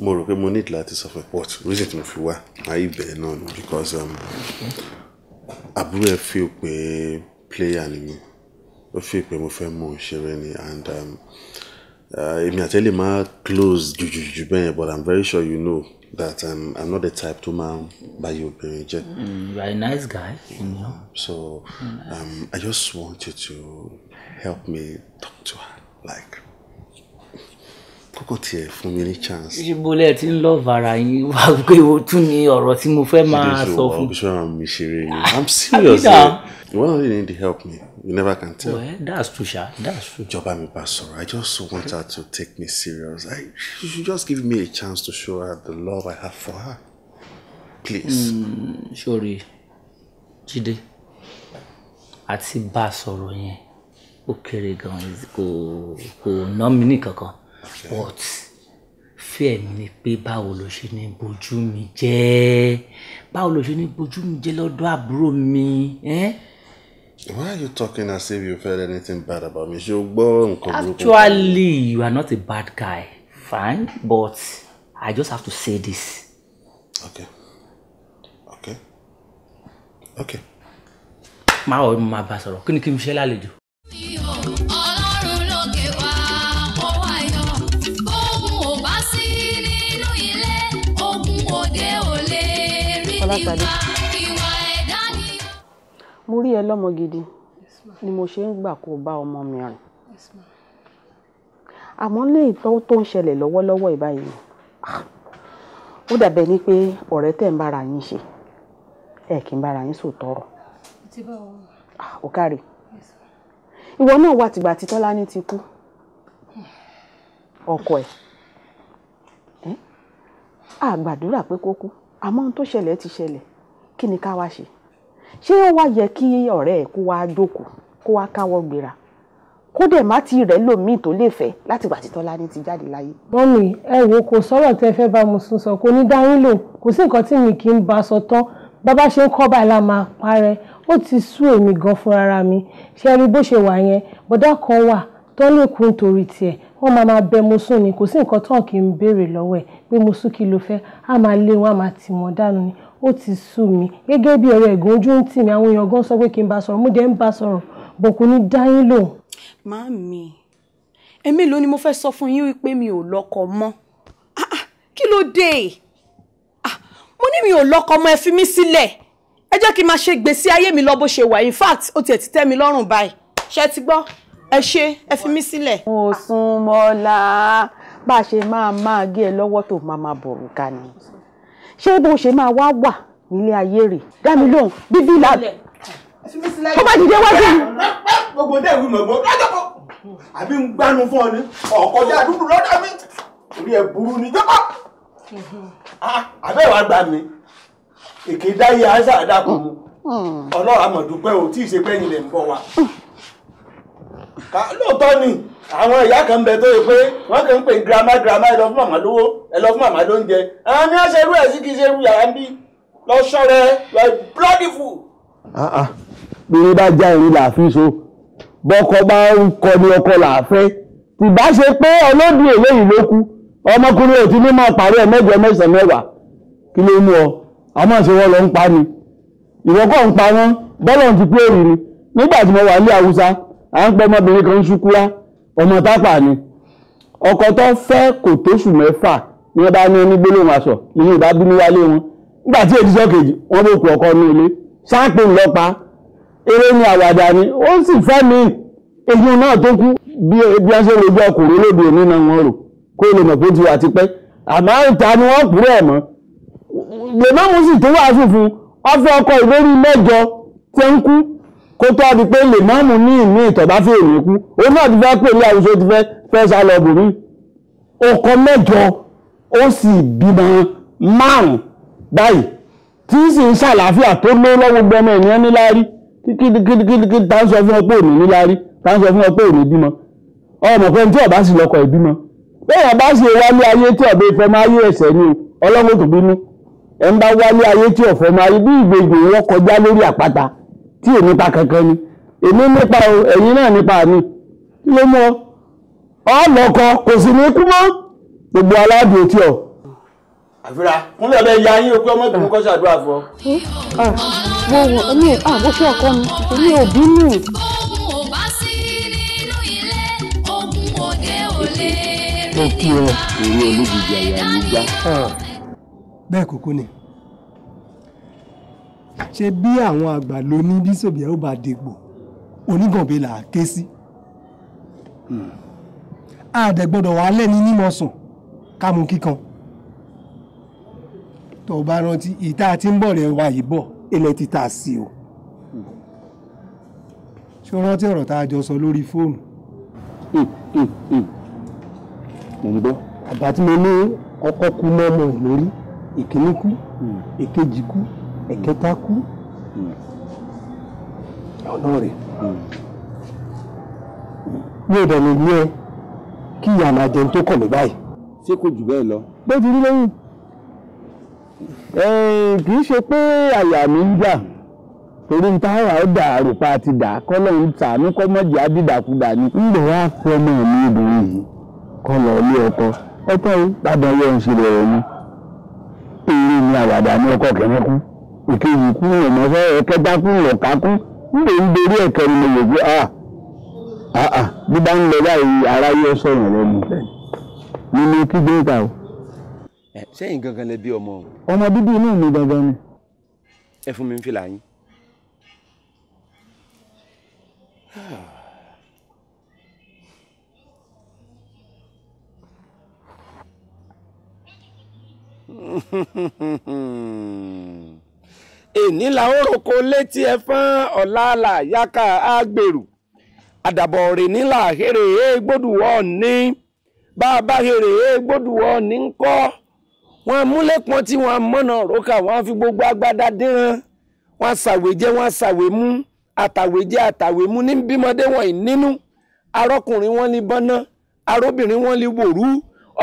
mo rò pé mo need láti sọ fún ẹ but reason tí mo fi wá ayé ibẹ̀ náà ni because um, àbúrò ẹ feel pé player ni mí ó fi pé mo fẹ́ mọ̀ ṣeré ni and um, uh, èmi àti ẹ̀ lè má close jùjùjù bẹ́ẹ̀ but i'm very sure you know that um, i'm not the type to máa ń báyé obìnrin jẹ́. Mm, you are a nice guy. Mm, so mm, um, i just wanted to help me talk to her like kókò tiẹ̀ fún mi ní chance. ṣíbo lẹ ti ń lọ vara yín wá pé o tún ní ọ̀rọ̀ tí mo fẹ́ máa sọ fún. ṣíṣe ọ̀rọ̀ mi ṣeré ni ah, i'm serious eh? you wan really need to help me you never can tell. well that's true sha that's true. ìjọba mi bá sọ̀rọ̀ i just want her to take me serious i you should just give me a chance to show her the love i have for her please. Mm, sorry Jídé àti bá a sọ̀rọ̀ yẹn ó kéré gan-an kò kò ná mi ní kankan but fear ni pé báwo ló ṣe ní bójú mi jẹ́ báwo ló ṣe ní bójú mi jẹ́ lọ́dọ̀ àbúrò mi. why are you talking as if you heard anything bad about me ṣé o gbọ́ nǹkan burúkú. actually you are not a bad guy fine but i just have to say this. okay okay okay. máa wọ ẹ mo máa bá a sọ̀rọ̀ kí ni kí n ṣe lálejò. bá pàdé. mo rí ẹ lọ́mọ gidi ni mo ṣe ń gbà kó bá ọmọ mi rìn àmọ́ lé ìtọ́ tó ń ṣẹlẹ̀ lọ́wọ́lọ́wọ́ ìbáyìí ó dàbẹ̀ ni pé ọ̀rẹ́ tẹ̀ ń bára yín ṣe ẹ kì í bára yín sòótọ́ ọ̀rọ̀ ó káre ìwọ náà wà tìgbà tí Tọ́lání ti kú ọkọ ẹ̀ àgbàdúrà pé kó kú àmọ́ ohun tó ṣẹlẹ̀ ti ṣẹlẹ̀ kí ni ká wá ṣe ṣé ó wá yẹ kí ọ̀rẹ́ ẹ̀ kó wá jókòó kó wá káwọ́ gbéra kó dẹ̀ má ti rẹ̀ lòmíì tó lè fẹ́ láti gbà tí Tọ́lání ti jáde láyé. mọ́mì ẹ wo kò sọ̀rọ̀ tẹ́ fẹ́ bá mo sùn sọ kò ní dá yín lò kò sí nǹkan tí mi kì í bá sọ tán bàbá ṣe ń kọ́ báyìí la máa parẹ́ ó ti sú èmi gan fúnra mi ṣe rí bó ṣe wà yẹn bọ́dá kan wà tó lè kún torí tiẹ̀ wọ́n máa máa bẹ mosún ni kò sí nǹkan tán kì í béèrè lọ́wọ́ ẹ̀ pé mosún kí ló fẹ́ á máa lé wọn á máa tì wọ́n dànù ni ó ti sú mi gẹ́gẹ́ bí ọ̀rẹ́ ẹ̀gún ojú ń tì mí àwọn èèyàn gan sọ pé kí n bá sọ̀rọ̀ mo dẹ̀ ń bá sọ̀rọ̀ bòkú ní dáyín lòun. màámi èmi ló ni mo fẹ́ sọ fún yín wípé mi ò lọ́kọ mọ́ ah, ah, kí ló dé ah, mo ní mi ò lọ́kọ mọ́ ẹ fi mí sílẹ̀ ẹ jẹ́ kí n máa ṣe gbèsè ayé mi lọ bó ṣe wà in fact ó tiẹ̀ ti tẹ́ mi lọ́rùn báyìí ṣé ti gbọ́ ẹ ṣe ẹ fi mí sílẹ̀. mo sún mọ́lá bá a ṣe máa máa gé ẹ lọ́wọ́ tó máa máa bọ̀rù ká ni ṣé bó ṣe máa wá wà nílé ayé rè dá mi lóhùn bíbí la tó bá dìde wá sí mi. gbogbo dẹ́ ìwé mọ̀gbọ́n lọ́jọ́ kan àbí ń gbánu fún ọ ní ọ̀kọ́jà dúdú lọ́dọ̀ mi orí ẹ̀ burú ni jọ́kọ́ àbẹ́wàá gbà mí èké dáyé àṣà àdàkùn mm. ọlọ́run àmọ̀dúpẹ́ ò tí ì ṣe pẹ́yìn lẹ̀ ń bọ̀ wá. Ah, lóòótọ́ ni àwọn ìyá kan bẹ tó yẹ pé wọ́n kàn ń pè girama girama ẹ lọ fún màmá lówó ẹ lọ fún màmá lóúnjẹ àwọn ní àṣẹ irú ẹ̀ sí kì í ṣe irú yàrá bí lọ ṣọ́rẹ́ like bloody fool. pèrè ah, ah, bá já ìrìn làáfin so bọ́kọ bá ń kọ ní ọkọ làáfẹ́ tìbá ṣe pé ọlọ́dún eléyìí ló kú ọmọkùnrin ò ti ní máa pàrọ̀ ẹ̀ mẹ́jọ mẹ́sàn-án mẹ́wàá kí ló mú ọ àmọ́ ṣe wọ́n lọ ń pa ni ìwọ́kọ̀ ń pa wọ́n bọ́lọ̀ ti pé òrì ni nígbà tí mo wà ní Haúsá à ń pẹ́ ọmọbìnrin kan ṣúkúrá ọmọ tápà ni ọkọ tó fẹ́ kò tóṣù mẹ́fà ni wọ́n bá ní onígbélóhùn aṣọ nínú ìbábínú wálé wọn nígbà tí èdè sọ́kèjì wọ́n bó kú ọkọ ní ilé ṣáàpì ńlọ́pàá eré ni àwàdà ni ó sì fẹ́ mi èyí náà tó kú bí wọ́n ṣe lè gbọ́ ọkùnrin lóde òní náà wọ́n rò kó lè mọ̀ pé ó ti wà tipẹ́ àmọ́ ìta ni wọ́n kúrò ẹ̀ mọ́ lèmọ́mù sì tó wà fífun ọ̀fẹ́ ọkọ ìlérí mẹ́jọ ti ń kú kó tó di pé lè mọ́mù ní ìmí ìtọ̀dá fún èrè kú òun náà ti fẹ́ pè ní àwùjọ ti fẹ́ fẹ́ sá lọ bòmí ọkọ mẹ́jọ ó sì bímọ márùn báyìí tí sì ń ṣàlàáfíà tó ló lọ́wọ́ gbọmọ ènìyàn níláárí kíkíkíkíkí tá ń sọ fún ọ pé òní níláárí tá ń sọ fún ọ pé òní bímọ ọmọ pé tí ọba sì lọkọ ìbímọ bẹ́ẹ̀ ọba sì wálé ayé tí ọba ìfẹ́ máa yé ẹsẹ̀ ni ọlọ́wọ́ tó bínú ẹ̀ ń bá wálé ayé tí ọ̀fẹ́ máa yé bí ìgbèjì wọn kọjá lórí àpáta tí èmi pa kankan ni èmi nípa o ẹ̀yin náà nípa mi kí ló mú ọ ọ lọkọ kò sì ní kú mọ́ gbogbo aláàbò tí ọ. àfírà kúnlẹ̀ bẹ ya yín o pé ọmọ ìgbìmọ̀ kọ́ ṣàdúrà fún ọ. wo wo èmi àbó fún ọkọ mi èmi ò bínú. mo kí ọ èrè olóògùn ìyá ni ṣe bí àwọn àgbà ló ní bíṣọ̀bù yẹn ó bá dègbò onígànbẹ là á ké sí. àdẹ̀gbọ́dọ̀ hmm. wà lẹ́ni nímọ̀sán kámú kíkan. tó o bá rántí ìta àti ń bọ̀ rẹ̀ wá yìí bọ̀ ilẹ̀ ti ta sí o. ṣé o rántí ọ̀rọ̀ tá a jọ sọ lórí fóònù. Hmm, hmm, mo ń gbọ́ àbá tí mo ní ọkọ kú mọ́mọ́ lórí ìkíní kú èkejì kú ẹ̀kẹta kú hmm. ọ̀nà rẹ̀ hmm. Hmm. mi ò dẹ̀lẹ̀ ní ẹ kí ìyá máa jẹun tó kọ̀ mí báyìí. ṣé kò jù bẹ́ẹ̀ lọ. bó ti rí lẹ́yìn kì í ṣe pé àyà mi ń gbà torí ń táwọn àwọn dàrú pa ti dà kọ́ lóun sàánú kọ́ mọ́jì adídàkudà ni. ń lè wá fún ọmọ mi obìnrin yìí kọ́ lọ ilé ọkọ ọkọ yìí bàbá yẹn ń ṣe lọ́rọ̀ ni èrè ni àwàdà ní ọkọ kẹ́mẹ́kún òkè yìí kú wọn mọ fẹ ẹkẹ dákún lọkà kún nígbà ń dorí ẹkẹ ni mo lè gbé a a bí bá ń lọ báyìí aráyé sọ̀rọ̀ lẹ́nu nínú kígbe ìta o. sẹ́yìn gangan lẹ bí ọmọ ọmọ bíbí inú mi gangan ni. ẹ fún mi ń fìlà yín. Hmm èní la ó roko létí ẹfọ́n ọ̀làlà yaka agbèrú àdàbọ̀ rè nílà hèrè é gbódùwọ̀ ní bá a bá hèrè é gbódùwọ̀ ní ń kọ́ wọn múlẹ̀pọ̀n tí wọn mọ̀nà rókà wọn fi gbogbo agbádá dínran wọn ṣàwéjẹ wọn ṣàwémú àtàwéjẹ àtàwémú ní bímọdé wọn nínú arọkùnrin wọn ní bọ́nà arọbìnrin wọn ní wòrú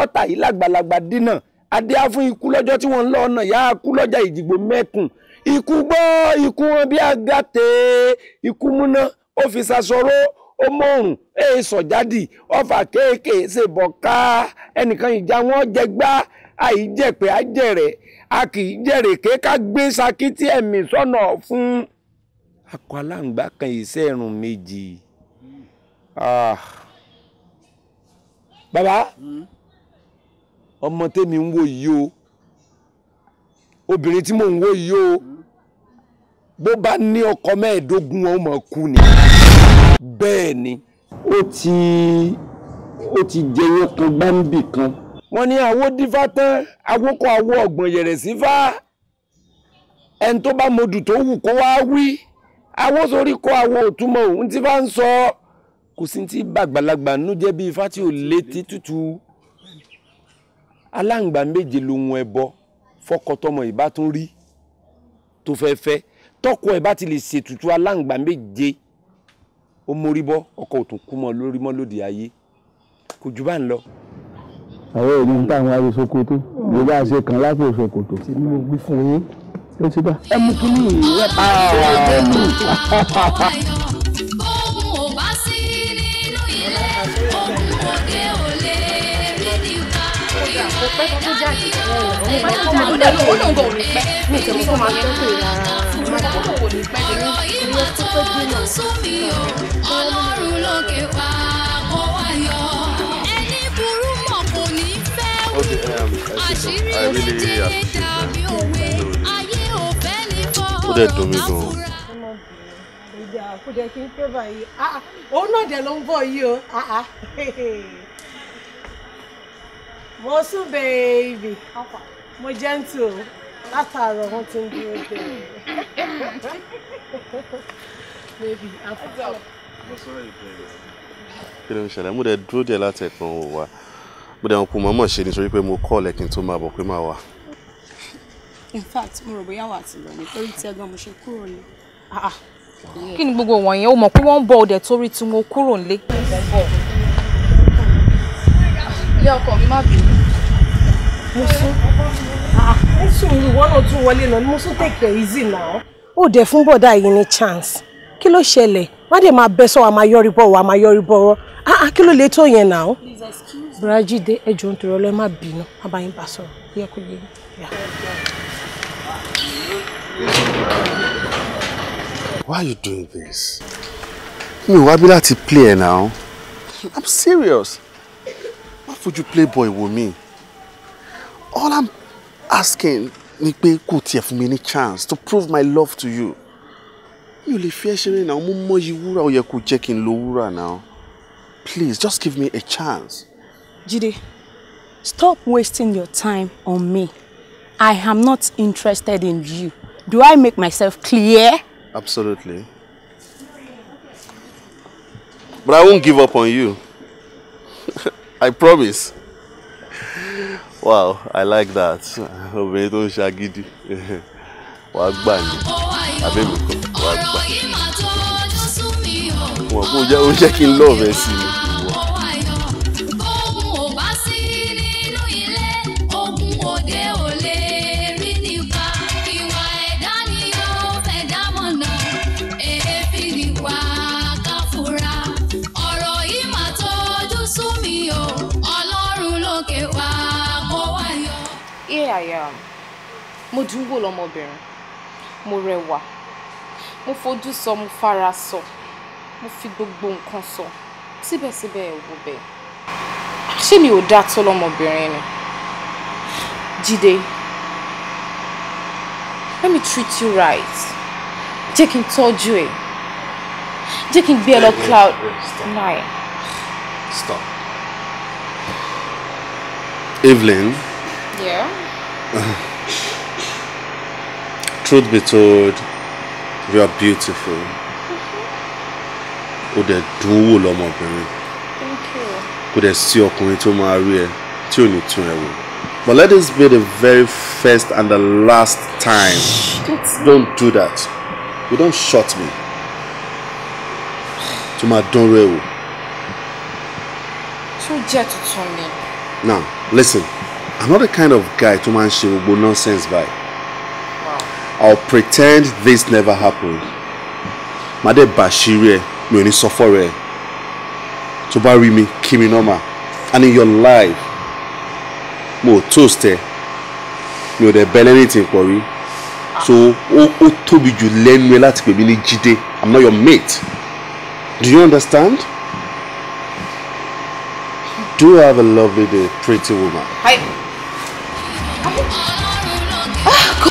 ọ̀tá yìí làgbàlagbà dínà adé fún ikú lọ́jọ́ tí wọ́n ń lọ ọ̀nà yá kú lọ́jà ìdìgbò mẹ́kùn-ún ikú gbọ́ ikú wọn bí agate ikú múná ó fi ṣaṣọró ó mọ̀rùn èè sọ̀jádì ọ̀fà kéèké ṣe bọ̀ ká ẹnìkan ìjà wọn jẹ gbá àìjẹ̀pẹ̀ àjẹ̀rẹ̀ a kì í jẹ̀rẹ̀ ké ká gbé sakitì ẹ̀mí sọ́nà fún akọ aláǹgbá kan iṣẹ́ ẹ̀rùn méjì. Ah. bàbá hmm? ọmọ tèmi ń wò yìí o obìnrin tí mò ń wò yìí o. Mm bó bá ní ọkọ mẹ́ẹ̀ẹ́dógún wọn máa kú ni bẹ́ẹ̀ ni. ó ti ó ti jẹyọ kan gbáǹbì kan. wọ́n ní àwo dífá tán awókọ̀ awó ọ̀gbọ̀n yẹ̀rẹ̀ sí fá ẹni tó bá modù tó wù kó wá wí awó sórí kó awó òtúmọ̀ òun tí bá ń sọ kò sí ti bàgbàlagbà nú jẹ́ bí ifá tí ò létí tútù aláǹgbà méje lohun ẹbọ fọkọtọmọ ìbátan rí tó fẹ́ fẹ́ tọkọ ẹ bá ti lè ṣètùtù aláǹgbá méje ó mórí bọ ọkọ òtún kú mọ lórí mọ lóde ayé kò jù bá ń lọ. àwọn èmi ń táwọn aró sokoto ló bá ṣe kàn lápò sokoto. tí mo gbé fún yín ló ti bá. ẹ mú kínní ìwé pa ah! ẹ mú. ohun ò bá sí nínú ilé ohun òde ò lè rí ní ìka ìwà ìyá mi. ó dẹ̀ lóun kò ní pẹ́ mi ìtẹ̀wé fún ma tó pè rárá àkókò wò ní pẹ́ẹ́dé ní ìyẹn tó pé bí náà sí ọlọ́run lókè wá kó wá yọ ẹni burú mọ̀ kò ní fẹ́ wù àṣírí méjì dàbí òwe ayé òfẹ́ ní fọ́ àfúrà ìjà àkúdẹ kí n pé báyìí òun náà dẹ̀ ló ń bọ̀ yìí o mo sún bèèbì mo jẹ́ ń tù o látàárọ̀ wọ́n ti ń dúró dé baby afọ. kí ló ń you mo dẹ̀ dúró díẹ̀ the ẹ̀kan ò wá mo dẹ̀ kú mọ́mọ́ ṣe nítorí pé mo kọ́ ọ̀lẹ́kìn tó máa bọ̀ pé máa wà. in fact mo rò bóyá wà á ti lọ nítorí tí ẹ̀gbọ́n mo ṣe kúrò ni. Ah, ah. kí ni gbogbo wọ̀nyẹn o mọ̀ pé wọ́n ń bọ̀ ọ̀dẹ̀ torí tí mo kúrò nílé. ilé ọkọ mi má bínú. mo sún ẹ sùúrù wọn náà tún wọlé náà ni mo tún take it easy now. ó dẹ̀ fún bọ̀dá yìí ní chance kí ló ṣẹlẹ̀ má dé máa bẹ́ sọ wa máa yọrí bọ̀ wa máa yọrí bọ̀ rọ́ ah, ah kí ló lè tó yẹn náà. Bùrájídé ẹjọ́ ń tọrọ lọ́ọ́ má bínú má bá yín bá sọ̀rọ̀ yẹ kó yé Why are you doing this? Mi ò wá bí láti play ẹ̀ náà. I'm serious. Má fojú playboy wò mí. All I'm asking ni pé kò tiẹ̀ fún mi ní chance to prove my love to you mi ò lè fi ẹ́ ṣeré náà mo mọyì wúrà ó yẹ kó jẹ́ kí n lo wúrà náà please just give me a chance. Jide stop wasting your time on me I am not interested in you do I make myself clear. Absolutely. But I won't give up on you. I promise wow i like that obìnrin tó ń ṣagídí wàá gbà ní abẹ́mi kan wàá gbà wọn kò jẹ́ kí n lọ́ọ̀bẹ sí i. I am mo dùn wò lọ́mọbìnrin mo rẹwà mo fojú sọ mo fara sọ mo fi gbogbo nǹkan sọ síbẹ̀síbẹ̀ ẹ̀wò bẹ́ẹ̀ ṣé mi ò dáa tó lọ́mọbìnrin ni Jídé let me treat you right jẹ́ kí n tọ́jú ẹ̀ jẹ́ kí n gbé ẹ lọ cloud nine. stop Evelyn. Yeah. truth be told you are beautiful o dẹ̀ dùn wò lọ́mọbìnrin kò dẹ̀ sí ọkùnrin tó máa rí ẹ tí ò ní tún ẹ wò but let this be the very first and the last time don't do that you don't shot me tó máa dán rẹ wò. tó jẹ́ tuntun ni. now listen. Another kind of guy to man she will gbogbo nonsense by. wow. i'll pretend this never happened màá dẹ̀ bàṣírí ẹ mi ò ní sọ fọ́rọ̀ ẹ tó bá rí and in your life mo toast ẹ mi ò dẹ̀ bẹ́lẹ́ ní ìtìpọ̀ rí so ó ó tóbi jù lẹ́nu ẹ láti pè mí ní Jídé i'm not your mate do you understand do have a lovely day pretty woman. Hi. Ah,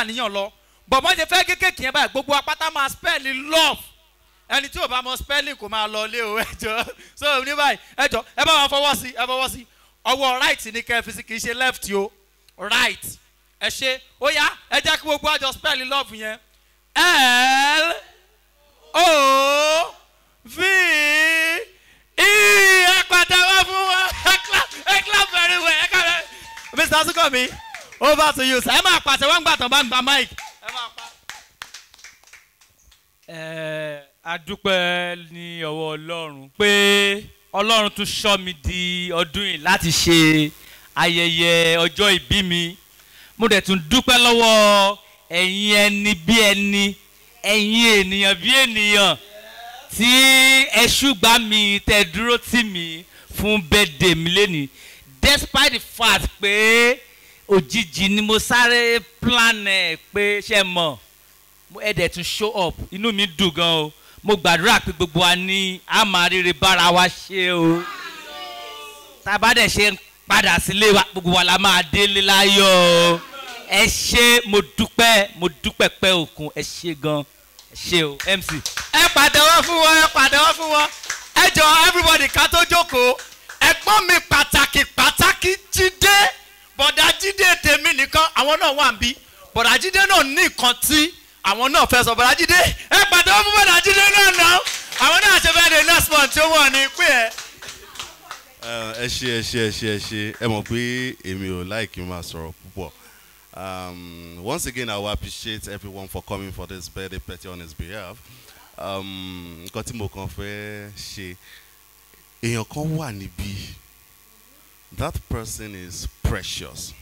àníyàn lọ bọ̀ mọ́ ṣe fẹ́ kéékèèké yẹn báyìí gbogbo apáta máa spẹ́ẹ̀lì love ẹni tí ò bá mọ spẹ́ẹ̀lì kò máa lọ lé o ẹjọ́ so ní báyìí ẹjọ́ ẹ bá wọn fọwọ́ sí ẹ fọwọ́ sí ọwọ́ right ni kẹ́ ẹ fi sí kì í ṣe left o right ẹ ṣe ó yá ẹ jẹ́ kí gbogbo àjọ spẹ́ẹ̀lì love yẹn l over to you sir ẹ máa pàṣẹ wọn gbà tán bá ń gba mic ẹ máa pa. ẹ adúpẹ́ ní ọwọ́ ọlọ́run pé ọlọ́run tún ṣọ́ mi di ọdún yìí láti ṣe ayẹyẹ ọjọ́ ìbí mi mo dẹ̀ tún dúpẹ́ lọ́wọ́ ẹ̀yin ẹni bí ẹni ẹ̀yin ènìyàn bí ènìyàn tí ẹ ṣùgbà mi tẹ́ dúró tì mí fún bẹ́ẹ̀dẹ̀ mi lẹ́ni despite the fact pé. Pe òjijì ni mo sáré plan ẹ̀ pé ṣe mọ̀ ẹ dẹ̀ tún show up inú mi dùn gan o mo gbàdúrà pé gbogbo wa ní a bára wa ṣe o tá a bá dẹ̀ ṣe ń padà sílé wa gbogbo wa la máa délé láyọ̀ ẹ ṣé mo dúpẹ́ mo dúpẹ́ pẹ́ òkun ẹ ṣé gan ẹ ṣé o MC. ẹ pàtẹ́wọ́ fún wọn ẹ pàtẹ́wọ́ fún wọn ẹ jọ everybody ká tó jókòó ẹ̀gbọ́n mi pàtàkì pàtàkì jíde bọ̀dà jídé tèmi nìkan àwọn náà wà ń bí bọ̀dà jídé náà ní nǹkan tí àwọn náà fẹ́ sọ bọ̀dà jídé ẹ pàdé ó bọ̀dà jídé náà náà àwọn náà ṣe fẹ́ẹ́ de next month tí ó wọ̀ ní pé ẹ. ẹ ṣe ẹ ṣe ẹ ṣe ẹ ṣe ẹ mọ̀ pé èmi ò láìkí máa sọ̀rọ̀ púpọ̀ um, once again I will appreciate everyone for coming for this birthday party on his behalf um, nǹkan tí mo kàn fẹ́ ṣe èèyàn kan wà níbí. That person is precious.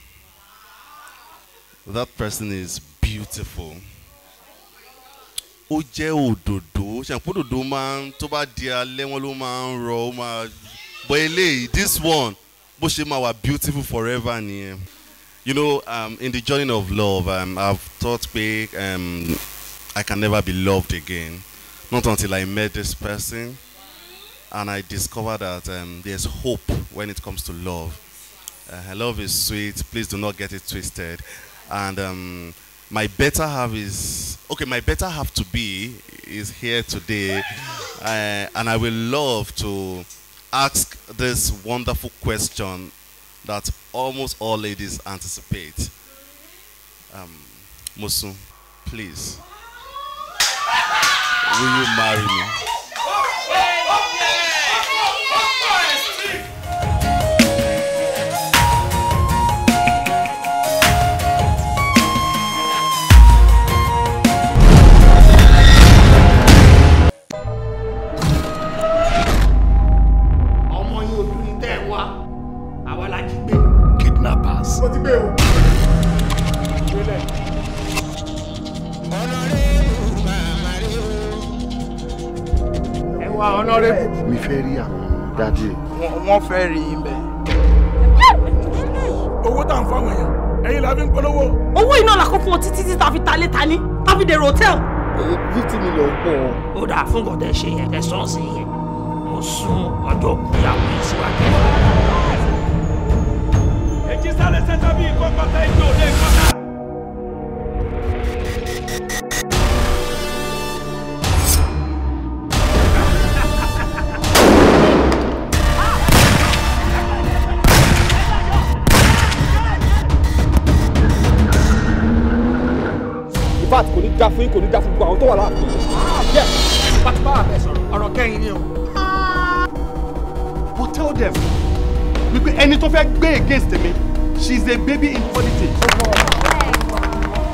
That person is beautiful. Ó jẹ́ òdòdó. Ṣàǹpó òdòdó máa ń tó bá di alẹ́ wọn ló máa ń rọ ó eléyìí this one bó ṣe máa wà beautiful forever nìyẹn. You know, um, in the journey of love, um, I've thought pé um, I can never be loved again. Not until I met this person. and I discovered that um, there's hope when it comes to love. Uh, love is sweet. Please do not get it twisted. And um, my better half is okay. My better half to be is here today, uh, and I will love to ask this wonderful question that almost all ladies anticipate. Um, Musu, please, will you marry me? wa honorable. mi fẹ́ rí àwọn dáadé. wọ́n fẹ́ rí i bẹ́ẹ̀. owó tá à ń fáwọn èèyàn ẹ̀yin la fi ń polówó. owó iná la kó fún ọ títí tí ta fi talé ta ní ta fi dèrò hòtẹ́ẹ̀lì. fifty million pọ̀. ó dà fún gọ̀dẹ̀ ṣe yẹn ẹ̀ sọ́ọ̀sì yẹn mo sún ọjọ́ ìyàwó yìí síwájú. ẹ̀jí sáré sẹ́ńtà bíi kọ́kọ́tà ìjọ òde ìkọ́tà. dá fún yín kò ní dá fún gbogbo àwọn tó wà láàfin. yẹ pátápá àbẹ sọ̀rọ̀ ọ̀rọ̀ kẹ́yìn ni o. but tell them wípé ẹni tó fẹ́ gbé against me she is a baby in politics.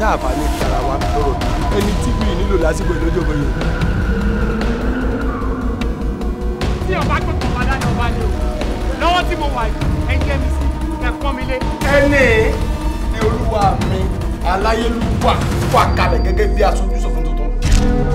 dáàbà ní ìtara wa lọ́rọ̀ ẹni tí bíi nílò lásìkò ìlójó bẹ́ẹ̀ yẹn. tí ọba gbọ́dọ̀ wà lánàá ọba ni o lọ́wọ́ tí mo wà yìí ẹ jẹ́ mi sí ẹ̀kọ́ mi lé. ẹni ni olúwa mi aláyélúwà wà kalẹ̀ gẹ́gẹ́ bí aṣojú ṣòfin tuntun.